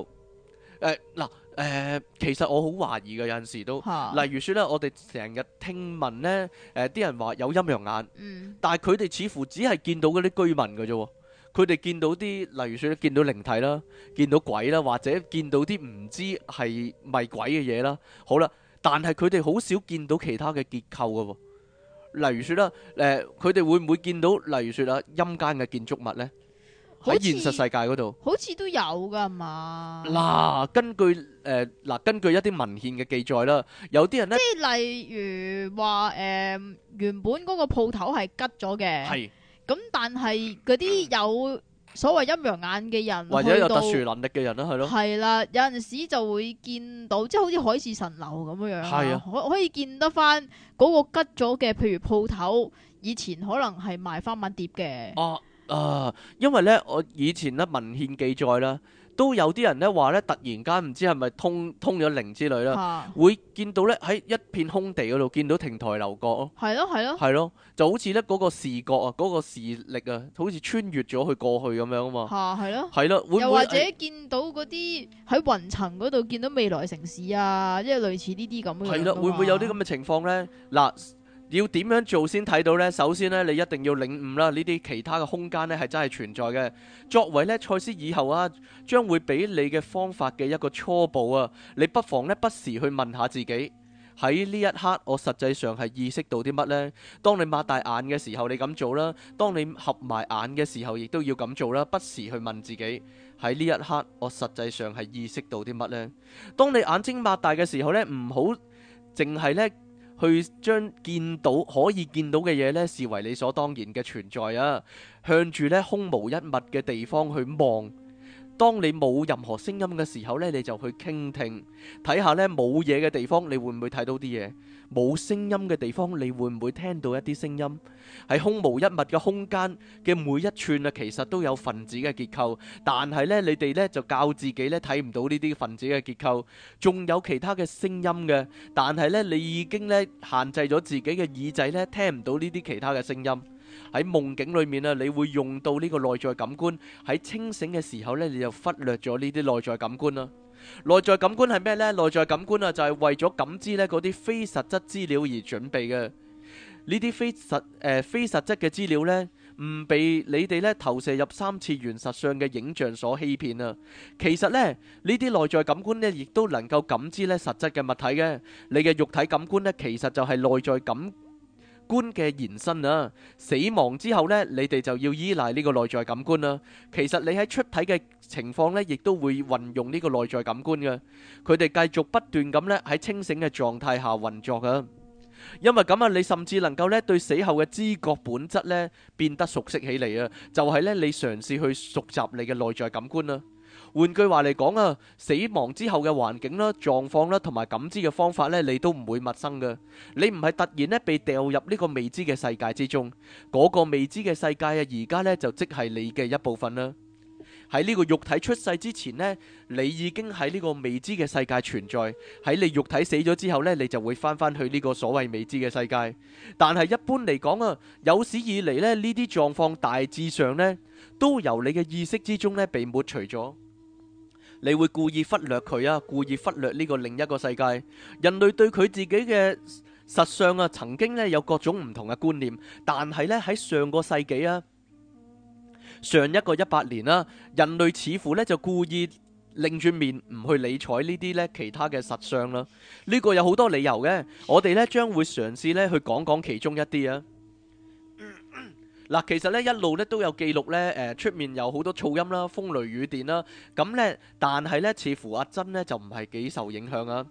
誒嗱。誒、呃，其實我好懷疑嘅，有陣時都，哈例如說咧，我哋成日聽聞咧，誒、呃、啲人話有陰陽眼，嗯、但係佢哋似乎只係見到嗰啲居民嘅啫，佢哋見到啲，例如説見到靈體啦，見到鬼啦，或者見到啲唔知係咪鬼嘅嘢啦，好啦，但係佢哋好少見到其他嘅結構嘅喎，例如説啦，誒佢哋會唔會見到，例如説啊陰間嘅建築物咧？喺現實世界嗰度，好似都有噶嘛？嗱，根據誒，嗱、呃，根據一啲文獻嘅記載啦，有啲人咧，即係例如話誒、呃，原本嗰個鋪頭係吉咗嘅，係咁是，但係嗰啲有所謂陰陽眼嘅人，或者有特殊能力嘅人啦，係咯，係啦，有陣時就會見到，即係好似海市蜃樓咁樣樣，係啊的，可可以見得翻嗰個吉咗嘅，譬如鋪頭以前可能係賣花紋碟嘅，哦、啊。啊，uh, 因為咧，我以前咧文獻記載啦，都有啲人咧話咧，突然間唔知係咪通通咗靈之類啦，啊、會見到咧喺一片空地嗰度見到亭台樓閣咯，係咯係咯，係咯，就好似咧嗰個視覺啊，嗰、嗰個視力啊，好似穿越咗去過去咁樣啊嘛，嚇係咯，係咯，會，會又或者見到嗰啲喺雲層嗰度見到未來城市啊，即係類似呢啲咁樣，係啦，會唔會有啲咁嘅情況咧？嗱、啊。要點樣做先睇到呢？首先呢，你一定要領悟啦，呢啲其他嘅空間呢，係真係存在嘅。作為呢，塞斯以後啊，將會俾你嘅方法嘅一個初步啊，你不妨呢，不時去問下自己：喺呢一刻我實際上係意識到啲乜呢？」「當你擘大眼嘅時候，你咁做啦；當你合埋眼嘅時候，亦都要咁做啦。不時去問自己：喺呢一刻我實際上係意識到啲乜呢？」當你眼睛擘大嘅時候呢，唔好淨係呢。」去將見到可以見到嘅嘢呢，視為理所當然嘅存在啊！向住呢空無一物嘅地方去望。當你冇任何聲音嘅時候咧，你就去傾聽，睇下咧冇嘢嘅地方，你會唔會睇到啲嘢？冇聲音嘅地方，你會唔會聽到一啲聲音？喺空無一物嘅空間嘅每一寸啊，其實都有分子嘅結構，但係咧，你哋咧就教自己咧睇唔到呢啲分子嘅結構，仲有其他嘅聲音嘅，但係咧，你已經咧限制咗自己嘅耳仔咧聽唔到呢啲其他嘅聲音。喺夢境裏面咧，你會用到呢個內在感官，喺清醒嘅時候咧，你就忽略咗呢啲內在感官啦。內在感官係咩呢？內在感官啊，就係為咗感知咧嗰啲非實質資料而準備嘅。呢啲非實誒、呃、非實質嘅資料呢，唔被你哋咧投射入三次元實相嘅影像所欺騙啊。其實呢，呢啲內在感官咧，亦都能夠感知咧實質嘅物體嘅。你嘅肉體感官呢，其實就係內在感。官嘅延伸啊，死亡之後咧，你哋就要依賴呢個內在感官啦。其實你喺出體嘅情況呢亦都會運用呢個內在感官嘅。佢哋繼續不斷咁咧喺清醒嘅狀態下運作㗎。因為咁啊，你甚至能夠咧對死後嘅知覺本質咧變得熟悉起嚟啊。就係咧你嘗試去熟習你嘅內在感官啦。換句話嚟講啊，死亡之後嘅環境啦、狀況啦，同埋感知嘅方法呢，你都唔會陌生嘅。你唔係突然呢被掉入呢個未知嘅世界之中，嗰個未知嘅世界啊，而家呢就即係你嘅一部分啦。喺呢個肉體出世之前呢，你已經喺呢個未知嘅世界存在。喺你肉體死咗之後呢，你就會翻返去呢個所謂未知嘅世界。但係一般嚟講啊，有史以嚟呢，呢啲狀況大致上呢都由你嘅意識之中呢被抹除咗。你會故意忽略佢啊，故意忽略呢個另一個世界。人類對佢自己嘅實相啊，曾經呢有各種唔同嘅觀念，但係呢，喺上個世紀啊，上一個一百年啦，人類似乎呢就故意擰轉面唔去理睬呢啲呢其他嘅實相啦。呢個有好多理由嘅，我哋呢將會嘗試呢去講講其中一啲啊。嗱，其實咧一路咧都有記錄咧，誒、呃、出面有好多噪音啦、風雷雨電啦，咁咧，但係咧似乎阿珍咧就唔係幾受影響啊。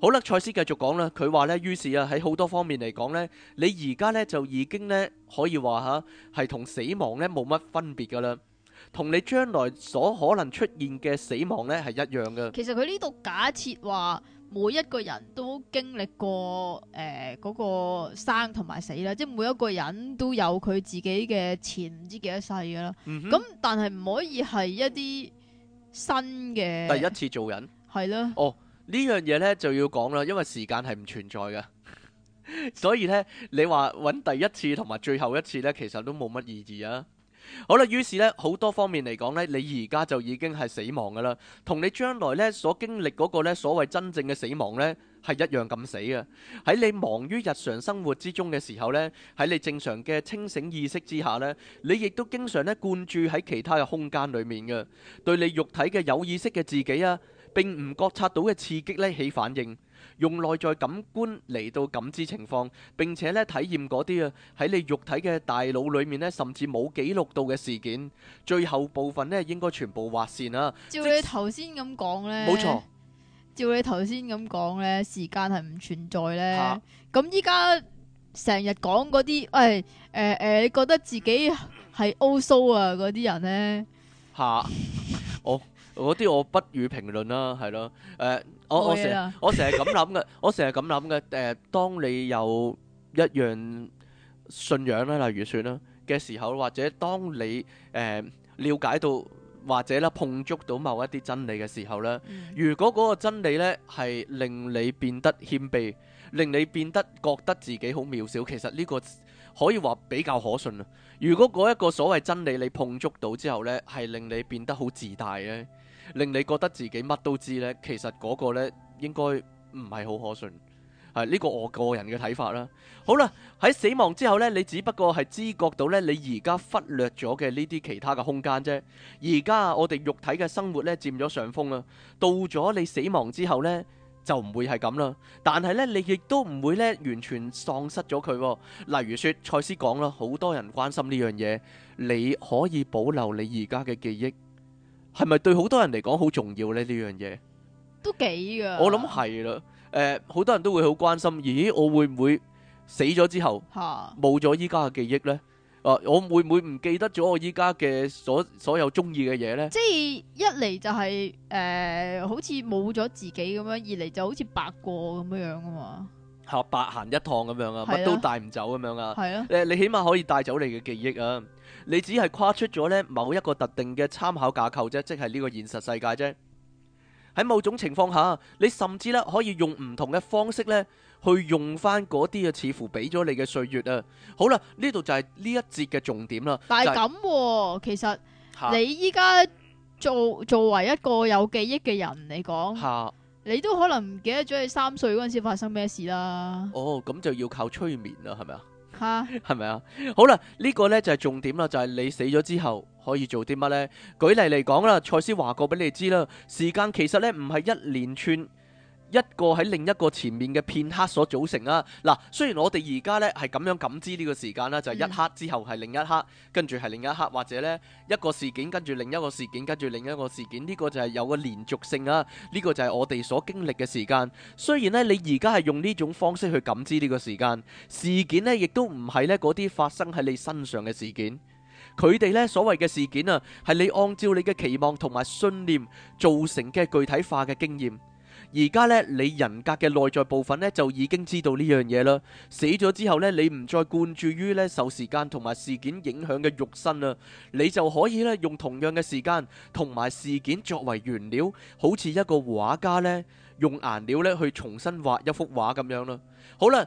好啦，賽斯繼續講啦，佢話咧，於是啊喺好多方面嚟講咧，你而家咧就已經咧可以話吓係同死亡咧冇乜分別噶啦，同你將來所可能出現嘅死亡咧係一樣嘅。其實佢呢度假設話。每一個人都經歷過誒嗰、呃那個生同埋死啦，即係每一個人都有佢自己嘅前唔知幾多世噶啦。咁、嗯、哼但係唔可以係一啲新嘅第一次做人，係咯的？哦，這個、呢樣嘢咧就要講啦，因為時間係唔存在嘅， 所以咧你話搵第一次同埋最後一次咧，其實都冇乜意義啊。好啦，於是咧，好多方面嚟講咧，你而家就已經係死亡噶啦，同你將來咧所經歷嗰個咧所謂真正嘅死亡咧係一樣咁死嘅。喺你忙於日常生活之中嘅時候咧，喺你正常嘅清醒意識之下咧，你亦都經常咧灌注喺其他嘅空間裡面嘅，對你肉體嘅有意識嘅自己啊，並唔覺察到嘅刺激咧起反應。用內在感官嚟到感知情況，並且咧體驗嗰啲啊喺你肉體嘅大腦裏面咧甚至冇記錄到嘅事件，最後部分咧應該全部劃線啦。照你頭先咁講咧，冇錯。照你頭先咁講咧，時間係唔存在咧。咁依家成日講嗰啲，誒誒誒，你覺得自己係 old soul 啊嗰啲人咧吓，哦。嗰啲我不予評論啦，係咯。誒、呃，我我成我成日咁諗嘅，我成日咁諗嘅。誒、 呃，當你有一樣信仰啦，例如算啦嘅時候，或者當你誒瞭、呃、解到或者咧碰觸到某一啲真理嘅時候咧，嗯、如果嗰個真理咧係令你變得謙卑，令你變得覺得自己好渺小，其實呢、呢個。可以話比較可信啊。如果嗰一個所謂真理你碰觸到之後呢，係令你變得好自大呢，令你覺得自己乜都知。呢其實嗰個呢，應該唔係好可信，係呢個我個人嘅睇法啦。好啦，喺死亡之後呢，你只不過係知覺到呢，你而家忽略咗嘅呢啲其他嘅空間啫。而家我哋肉體嘅生活呢，佔咗上風啦，到咗你死亡之後呢，就唔會係咁啦，但係咧，你亦都唔會咧完全喪失咗佢。例如說，賽斯講啦，好多人關心呢樣嘢，你可以保留你而家嘅記憶，係咪對好多人嚟講好重要呢？呢樣嘢都幾噶，我諗係啦。誒，好多人都會好關心，咦，我會唔會死咗之後冇咗依家嘅記憶呢？啊、我會唔會唔記得咗我依家嘅所所有中意嘅嘢呢？即係一嚟就係、是、誒、呃，好似冇咗自己咁樣；二嚟就好似白過咁樣嘅嘛。係、啊、白行一趟咁樣啊，乜都帶唔走咁樣啊。係啊你，你起碼可以帶走你嘅記憶啊。你只係跨出咗咧某一個特定嘅參考架構啫，即係呢個現實世界啫。喺某種情況下，你甚至咧可以用唔同嘅方式呢，去用翻嗰啲嘅，似乎俾咗你嘅歲月啊！好啦，呢度就係呢一節嘅重點啦。但係咁、啊，其實你依家做哈作為一個有記憶嘅人嚟講，哈你都可能唔記得咗你三歲嗰陣時發生咩事啦。哦，咁就要靠催眠啦，係咪啊？吓哈，係咪啊？好啦，呢、這個呢就係重點啦，就係、是、你死咗之後可以做啲乜呢？舉例嚟講啦，賽斯話過俾你知啦，時間其實呢唔係一連串，一個喺另一個前面嘅片刻所組成啊！嗱、啊，雖然我哋而家呢係咁樣感知呢個時間啦、啊，就係、是、一刻之後係另一刻，跟住係另一刻，或者呢一個事件跟住另一個事件跟住另一個事件，呢個,、這個就係有個連續性啊！呢、這個就係我哋所經歷嘅時間。雖然呢，你而家係用呢種方式去感知呢個時間，事件呢亦都唔係呢嗰啲發生喺你身上嘅事件，佢哋呢所謂嘅事件啊，係你按照你嘅期望同埋信念造成嘅具體化嘅經驗。而家呢，你人格嘅內在部分呢，就已經知道呢樣嘢啦。死咗之後呢，你唔再貫注於呢受時間同埋事件影響嘅肉身啦，你就可以呢，用同樣嘅時間同埋事件作為原料，好似一個畫家呢，用顏料呢去重新畫一幅畫咁樣啦。好啦，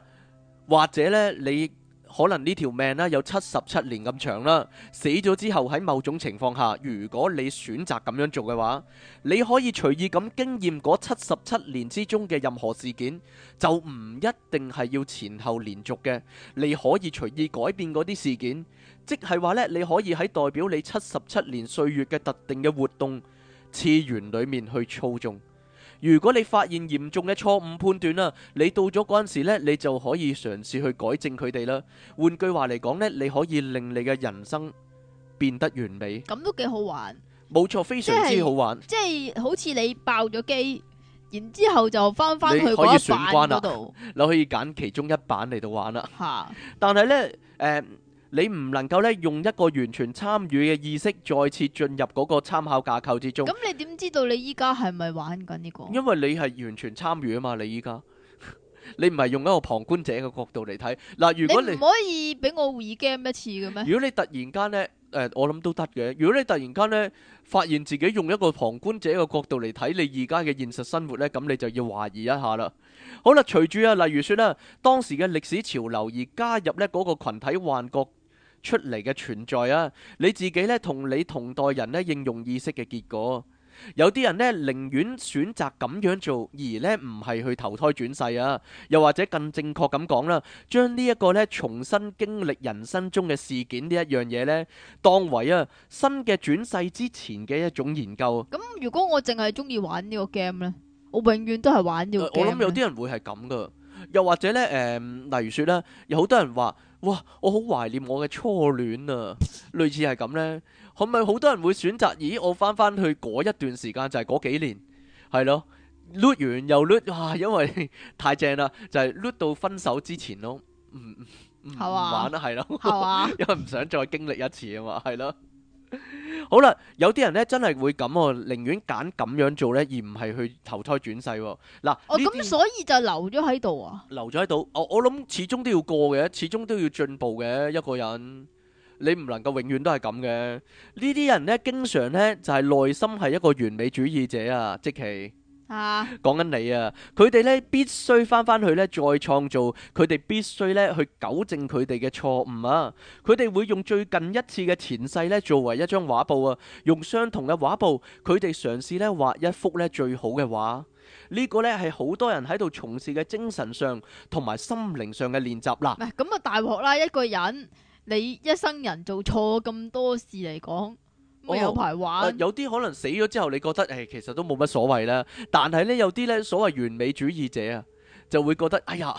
或者呢，你。可能呢條命呢，有七十七年咁長啦。死咗之後喺某種情況下，如果你選擇咁樣做嘅話，你可以隨意咁經驗嗰七十七年之中嘅任何事件，就唔一定係要前後連續嘅。你可以隨意改變嗰啲事件，即係話呢，你可以喺代表你七十七年歲月嘅特定嘅活動次元裏面去操縱。如果你發現嚴重嘅錯誤判斷啦，你到咗嗰陣時咧，你就可以嘗試去改正佢哋啦。換句話嚟講咧，你可以令你嘅人生變得完美。咁都幾好玩，冇錯，非常之好玩。即係好似你爆咗機，然之後就翻翻去可以選關啦，你可以揀其中一版嚟到玩啦。吓，但係咧，誒。你唔能夠咧用一個完全參與嘅意識再次進入嗰個參考架構之中。咁你點知道你依家係咪玩緊、這、呢個？因為你係完全參與啊嘛，你依家 你唔係用一個旁觀者嘅角度嚟睇。嗱，如果你唔可以俾我回 game 一次嘅咩、呃？如果你突然間呢，誒，我諗都得嘅。如果你突然間呢，發現自己用一個旁觀者嘅角度嚟睇你而家嘅現實生活呢，咁你就要懷疑一下啦。好啦，隨住啊，例如說咧、啊，當時嘅歷史潮流而加入呢嗰個群體幻覺。出嚟嘅存在啊！你自己呢同你同代人呢應用意識嘅結果，有啲人呢寧願選擇咁樣做，而呢唔係去投胎轉世啊！又或者更正確咁講啦，將呢一個呢重新經歷人生中嘅事件呢一樣嘢呢，當為啊新嘅轉世之前嘅一種研究。咁如果我淨係中意玩呢個 game 呢，我永遠都係玩個呢個 game、呃、我諗有啲人會係咁噶，又或者呢，誒、呃，例如說啦，有好多人話。哇！我好懷念我嘅初戀啊，類似係咁咧，係咪好多人會選擇？咦！我翻翻去嗰一段時間就係，係嗰幾年，係咯，碌完又碌，哇！因為太正啦，就係，係碌到分手之前咯，嗯，係嘛，啊，玩啦，係咯，啊，因為唔想再經歷一次啊嘛，係咯。 好啦，有啲人咧真係會咁哦、啊，寧願揀咁樣做呢，而唔係去投胎轉世、啊。嗱，哦，咁所以就留咗喺度啊，留咗喺度。我我諗始終都要過嘅，始終都要進步嘅。一個人，你唔能夠永遠都係咁嘅。呢啲人呢，經常呢，就係、是、內心係一個完美主義者啊，即係。啊！講緊你啊！佢哋咧必須返返去咧，再創造佢哋必須咧去糾正佢哋嘅錯誤啊！佢哋會用最近一次嘅前世咧作為一張畫布啊，用相同嘅畫布，佢哋嘗試咧畫一幅咧最好嘅畫。呢個咧係好多人喺度從事嘅精神上同埋心靈上嘅練習啦。咁啊！就大鑊啦，一個人你一生人做錯咁多事嚟講。我有排玩，有啲可能死咗之後，你覺得誒、哎，其實都冇乜所謂啦。但係呢，有啲呢所謂完美主義者啊，就會覺得哎呀，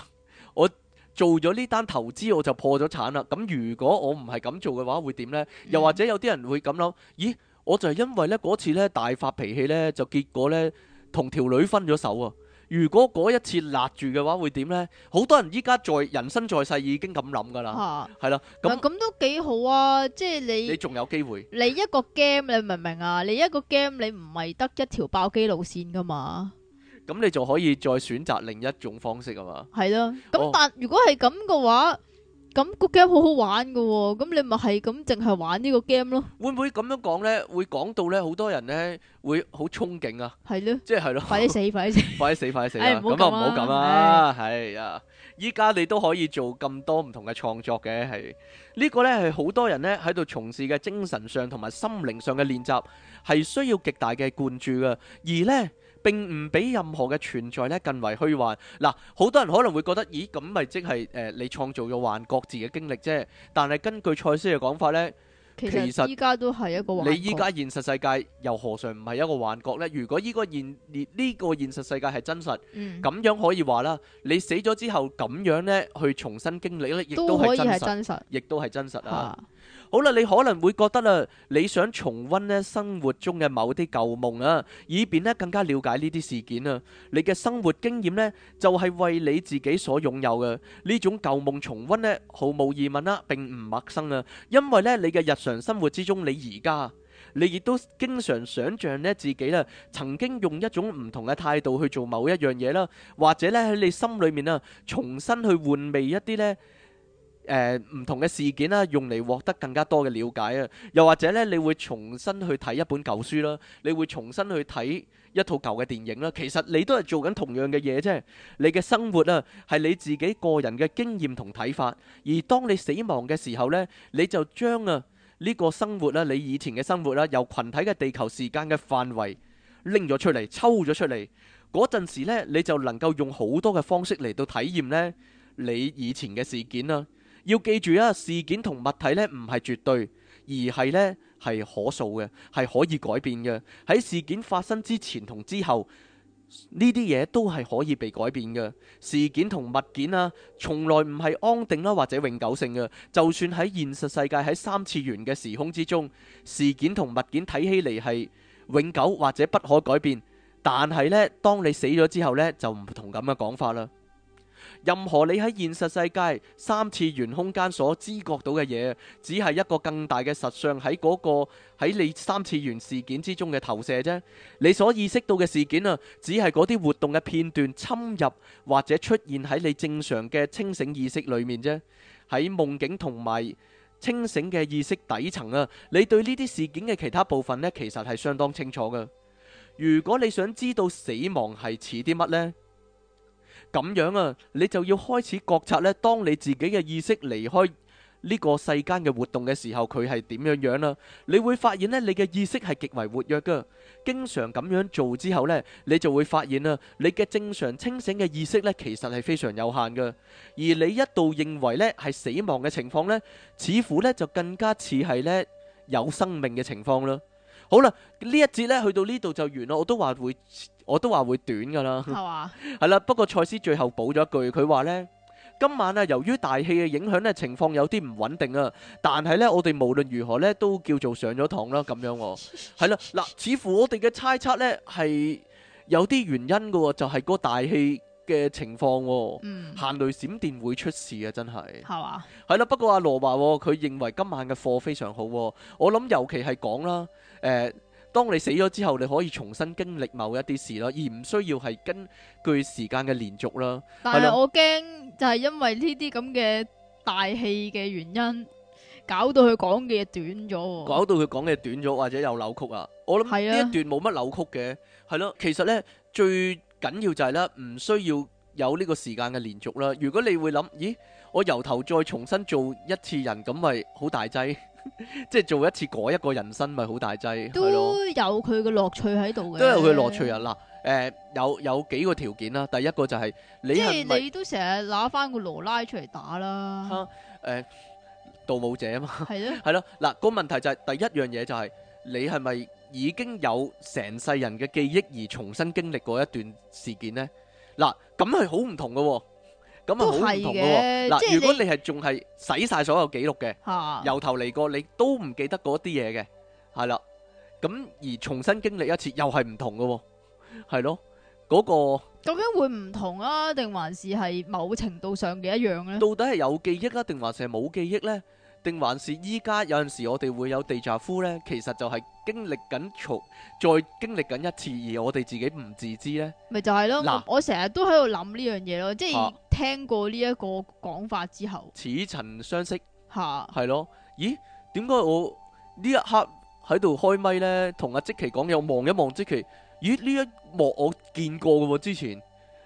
我做咗呢單投資，我就破咗產啦。咁如果我唔係咁做嘅話，會點呢？又或者有啲人會咁諗，咦，我就係因為呢嗰次呢大發脾氣呢，就結果呢同條女分咗手啊。如果嗰一次擸住嘅話，會點呢？好多人依家在，在人生在世已經咁諗噶啦，係啦、啊，咁都幾好啊！即係你你仲有機會，你一個 game 你明唔明啊？你一個 game 你唔係得一條爆機路線噶嘛，咁、啊、你就可以再選擇另一種方式啊嘛，係咯，咁但如果係咁嘅話。哦咁個 game 好好玩噶、哦，咁你咪係咁淨係玩呢個 game 咯？會唔會咁樣講呢？會講到呢，好多人呢會好憧憬啊！係咯的，即係咯，快啲死，快啲死， 死，快啲死，快啲死啦！咁啊，唔好咁啊，係 啊！依家的你都可以做咁多唔同嘅創作嘅，係呢、這個呢係好多人呢喺度從事嘅精神上同埋心靈上嘅練習，係需要極大嘅灌注噶，而呢。並唔比任何嘅存在咧，更為虛幻。嗱，好多人可能會覺得，咦，咁咪即係誒你創造咗幻覺自己嘅經歷啫。但係根據賽斯嘅講法呢，其實都係一個幻覺。你依家現實世界又何嘗唔係一個幻覺呢？如果呢個現，呢個現實世界係真實，咁樣，嗯，可以話啦。你死咗之後，咁樣呢，去重新經歷呢，亦都係真實，亦都係真,真實啊。啊好啦，你可能會覺得啦，你想重温咧生活中嘅某啲舊夢啊，以便咧更加瞭解呢啲事件啊。你嘅生活經驗咧就係為你自己所擁有嘅。呢種舊夢重温咧，毫無疑問啦，並唔陌生啊。因為咧你嘅日常生活之中，你而家你亦都經常想像咧自己啦，曾經用一種唔同嘅態度去做某一樣嘢啦，或者咧喺你心裏面啊，重新去回味一啲咧。誒唔同嘅事件啦，用嚟獲得更加多嘅了解啊，又或者呢，你會重新去睇一本舊書啦，你會重新去睇一套舊嘅電影啦，其實你都係做緊同樣嘅嘢啫。你嘅生活啊，係你自己個人嘅經驗同睇法，而當你死亡嘅時候呢，你就將啊呢個生活啦，你以前嘅生活啦，由群體嘅地球時間嘅範圍拎咗出嚟，抽咗出嚟，嗰陣時呢，你就能夠用好多嘅方式嚟到體驗呢你以前嘅事件啦。要記住啊！事件同物體呢唔係絕對，而係呢係可數嘅，係可以改變嘅。喺事件發生之前同之後，呢啲嘢都係可以被改變嘅。事件同物件啊，從來唔係安定啦或者永久性嘅。就算喺現實世界喺三次元嘅時空之中，事件同物件睇起嚟係永久或者不可改變，但係呢，當你死咗之後呢，就唔同咁嘅講法啦。任何你喺現實世界三次元空間所知覺到嘅嘢，只係一個更大嘅實相喺嗰個喺你三次元事件之中嘅投射啫。你所意識到嘅事件啊，只係嗰啲活動嘅片段侵入或者出現喺你正常嘅清醒意識裏面啫。喺夢境同埋清醒嘅意識底層啊，你對呢啲事件嘅其他部分呢，其實係相當清楚㗎。如果你想知道死亡係似啲乜呢？咁樣啊，你就要開始覺察呢。當你自己嘅意識離開呢個世間嘅活動嘅時候，佢係點樣樣啦？你會發現呢，你嘅意識係極為活躍噶。經常咁樣做之後呢，你就會發現啊，你嘅正常清醒嘅意識呢，其實係非常有限噶。而你一度認為呢係死亡嘅情況呢，似乎呢就更加似係呢有生命嘅情況啦。好啦，呢一節呢，去到呢度就完啦。我都話會。我都話會短噶啦，係嘛，啦。不過賽斯最後補咗一句，佢話呢：「今晚啊，由於大氣嘅影響咧，情況有啲唔穩定啊。但係呢，我哋無論如何呢，都叫做上咗堂了、啊、 啦。咁樣，我係啦。嗱，似乎我哋嘅猜測呢係有啲原因噶、啊，就係、是、個大氣嘅情況、啊，嗯，行雷閃電會出事啊，真係係嘛， 啦。不過阿羅話佢認為今晚嘅課非常好、啊，我諗尤其係講啦，誒、呃。呃當你死咗之後，你可以重新經歷某一啲事咯，而唔需要係根據時間嘅連續啦。但係我驚就係因為呢啲咁嘅大氣嘅原因，搞到佢講嘅嘢短咗。搞到佢講嘅短咗，或者有扭曲啊？我諗呢一段冇乜扭曲嘅，係咯。其實呢最緊要就係咧，唔需要有呢個時間嘅連續啦。如果你會諗，咦，我由頭再重新做一次人，咁咪好大劑。即係做一次改一個人生，咪好大劑，都有佢嘅樂趣喺度嘅，都有佢樂趣啊！嗱，誒，有有幾個條件啦，第一個就係你即係都成日拿翻個羅拉出嚟打啦？誒，盜墓者啊嘛，係咯，係咯，嗱，個問題就係第一樣嘢就係你係咪已經有成世人嘅記憶而重新經歷過一段事件呢？嗱，咁係好唔同噶。咁啊好唔同嘅嗱，如果你係仲係洗晒所有記錄嘅，由頭嚟過，你都唔記得嗰啲嘢嘅，係啦，咁而重新經歷一次又係唔同嘅，係咯，嗰個究竟會唔同啊？定還是係某程度上嘅一樣咧？到底係有記憶啊？定還是係冇記憶咧？定還是依家有陣時我哋會有 déjà vu 咧？其實就係經歷緊重再經歷緊一次，而我哋自己唔自知咧，咪就係咯。嗱，我成日都喺度諗呢樣嘢咯，即係。聽過呢一個講法之後，似曾相識，吓，係咯，咦？點解我呢一刻喺度開咪呢？同阿積奇講嘢，望一望積奇，咦？呢一幕我見過噶喎，之前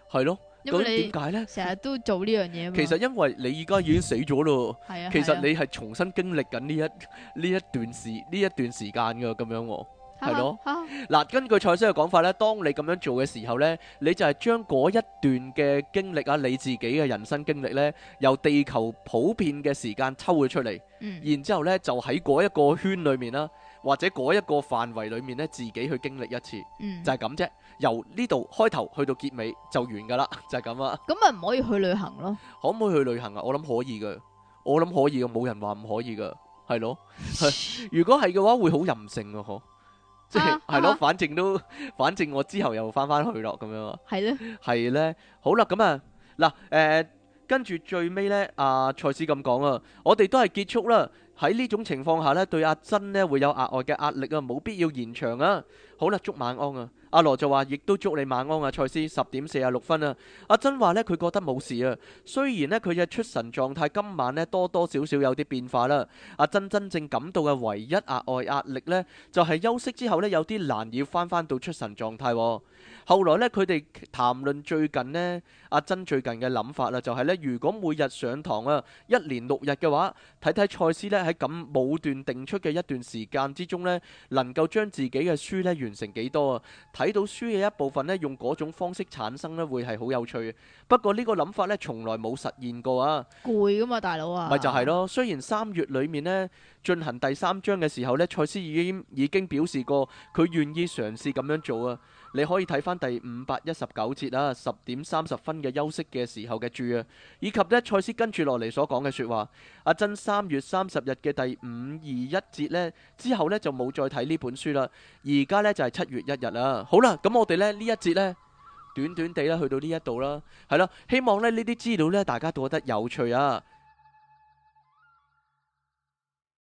係咯，咁點解呢？成日都做呢樣嘢。其實因為你而家已經死咗咯，係 其實你係重新經歷緊呢一呢一,一段時呢一段時間噶，咁樣係咯，嗱、 啊，根據蔡生嘅講法咧，當你咁樣做嘅時候咧，你就係將嗰一段嘅經歷啊，你自己嘅人生經歷咧，由地球普遍嘅時間抽咗出嚟，嗯、然之後咧就喺嗰一個圈裏面啦，或者嗰一個範圍裏面咧，自己去經歷一次，嗯、就係咁啫。由呢度開頭去到結尾就完噶啦，就係、是、咁啊。咁咪唔可以去旅行咯？可唔可以去旅行啊？我諗可以噶，我諗可以噶，冇人話唔可以噶，係咯。 如果係嘅話，會好任性啊，嗬？即係係咯，反正都，反正我之後又翻翻去咯，咁樣。係咯呢，係咧， 好、啊、啦，咁、呃、啊，嗱，誒，跟住最尾咧，阿賽斯咁講啊，我哋都係結束啦。喺呢種情況下咧，對阿珍咧會有額外嘅壓力啊，冇必要延長啊。好啦，祝晚安啊！阿羅、啊、就話，亦都祝你晚安啊，賽斯十點四呀六分啊。阿珍話呢，佢覺得冇事啊。雖然呢，佢嘅出神狀態今晚呢，多多少少有啲變化啦。阿珍真正感到嘅唯一額外壓力呢，就係休息之後呢，有啲難以返返到出神狀態。後來呢，佢哋談論最近呢，阿珍最近嘅諗法啦，就係呢：如果每日上堂啊，一連六日嘅話，睇睇賽斯呢，喺咁武斷定出嘅一段時間之中呢，能夠將自己嘅書呢完成幾多啊？睇到書嘅一部分咧，用嗰種方式產生咧，會係好有趣嘅。不過個呢個諗法咧，從來冇實現過啊。攰㗎嘛，大佬啊，咪就係咯。雖然三月裡面咧進行第三章嘅時候咧，賽斯已經已經表示過佢願意嘗試咁樣做啊。你可以睇翻第五百一十九節啦，十點三十分嘅休息嘅時候嘅注啊，以及呢，賽斯跟住落嚟所講嘅說話。阿珍三月三十日嘅第五二一節呢，之後呢就冇再睇呢本書啦。而家呢就係七月一日啦。好啦，咁我哋呢，呢一節呢，短短地啦，去到呢一度啦，係啦，希望呢呢啲資料呢，大家都覺得有趣啊！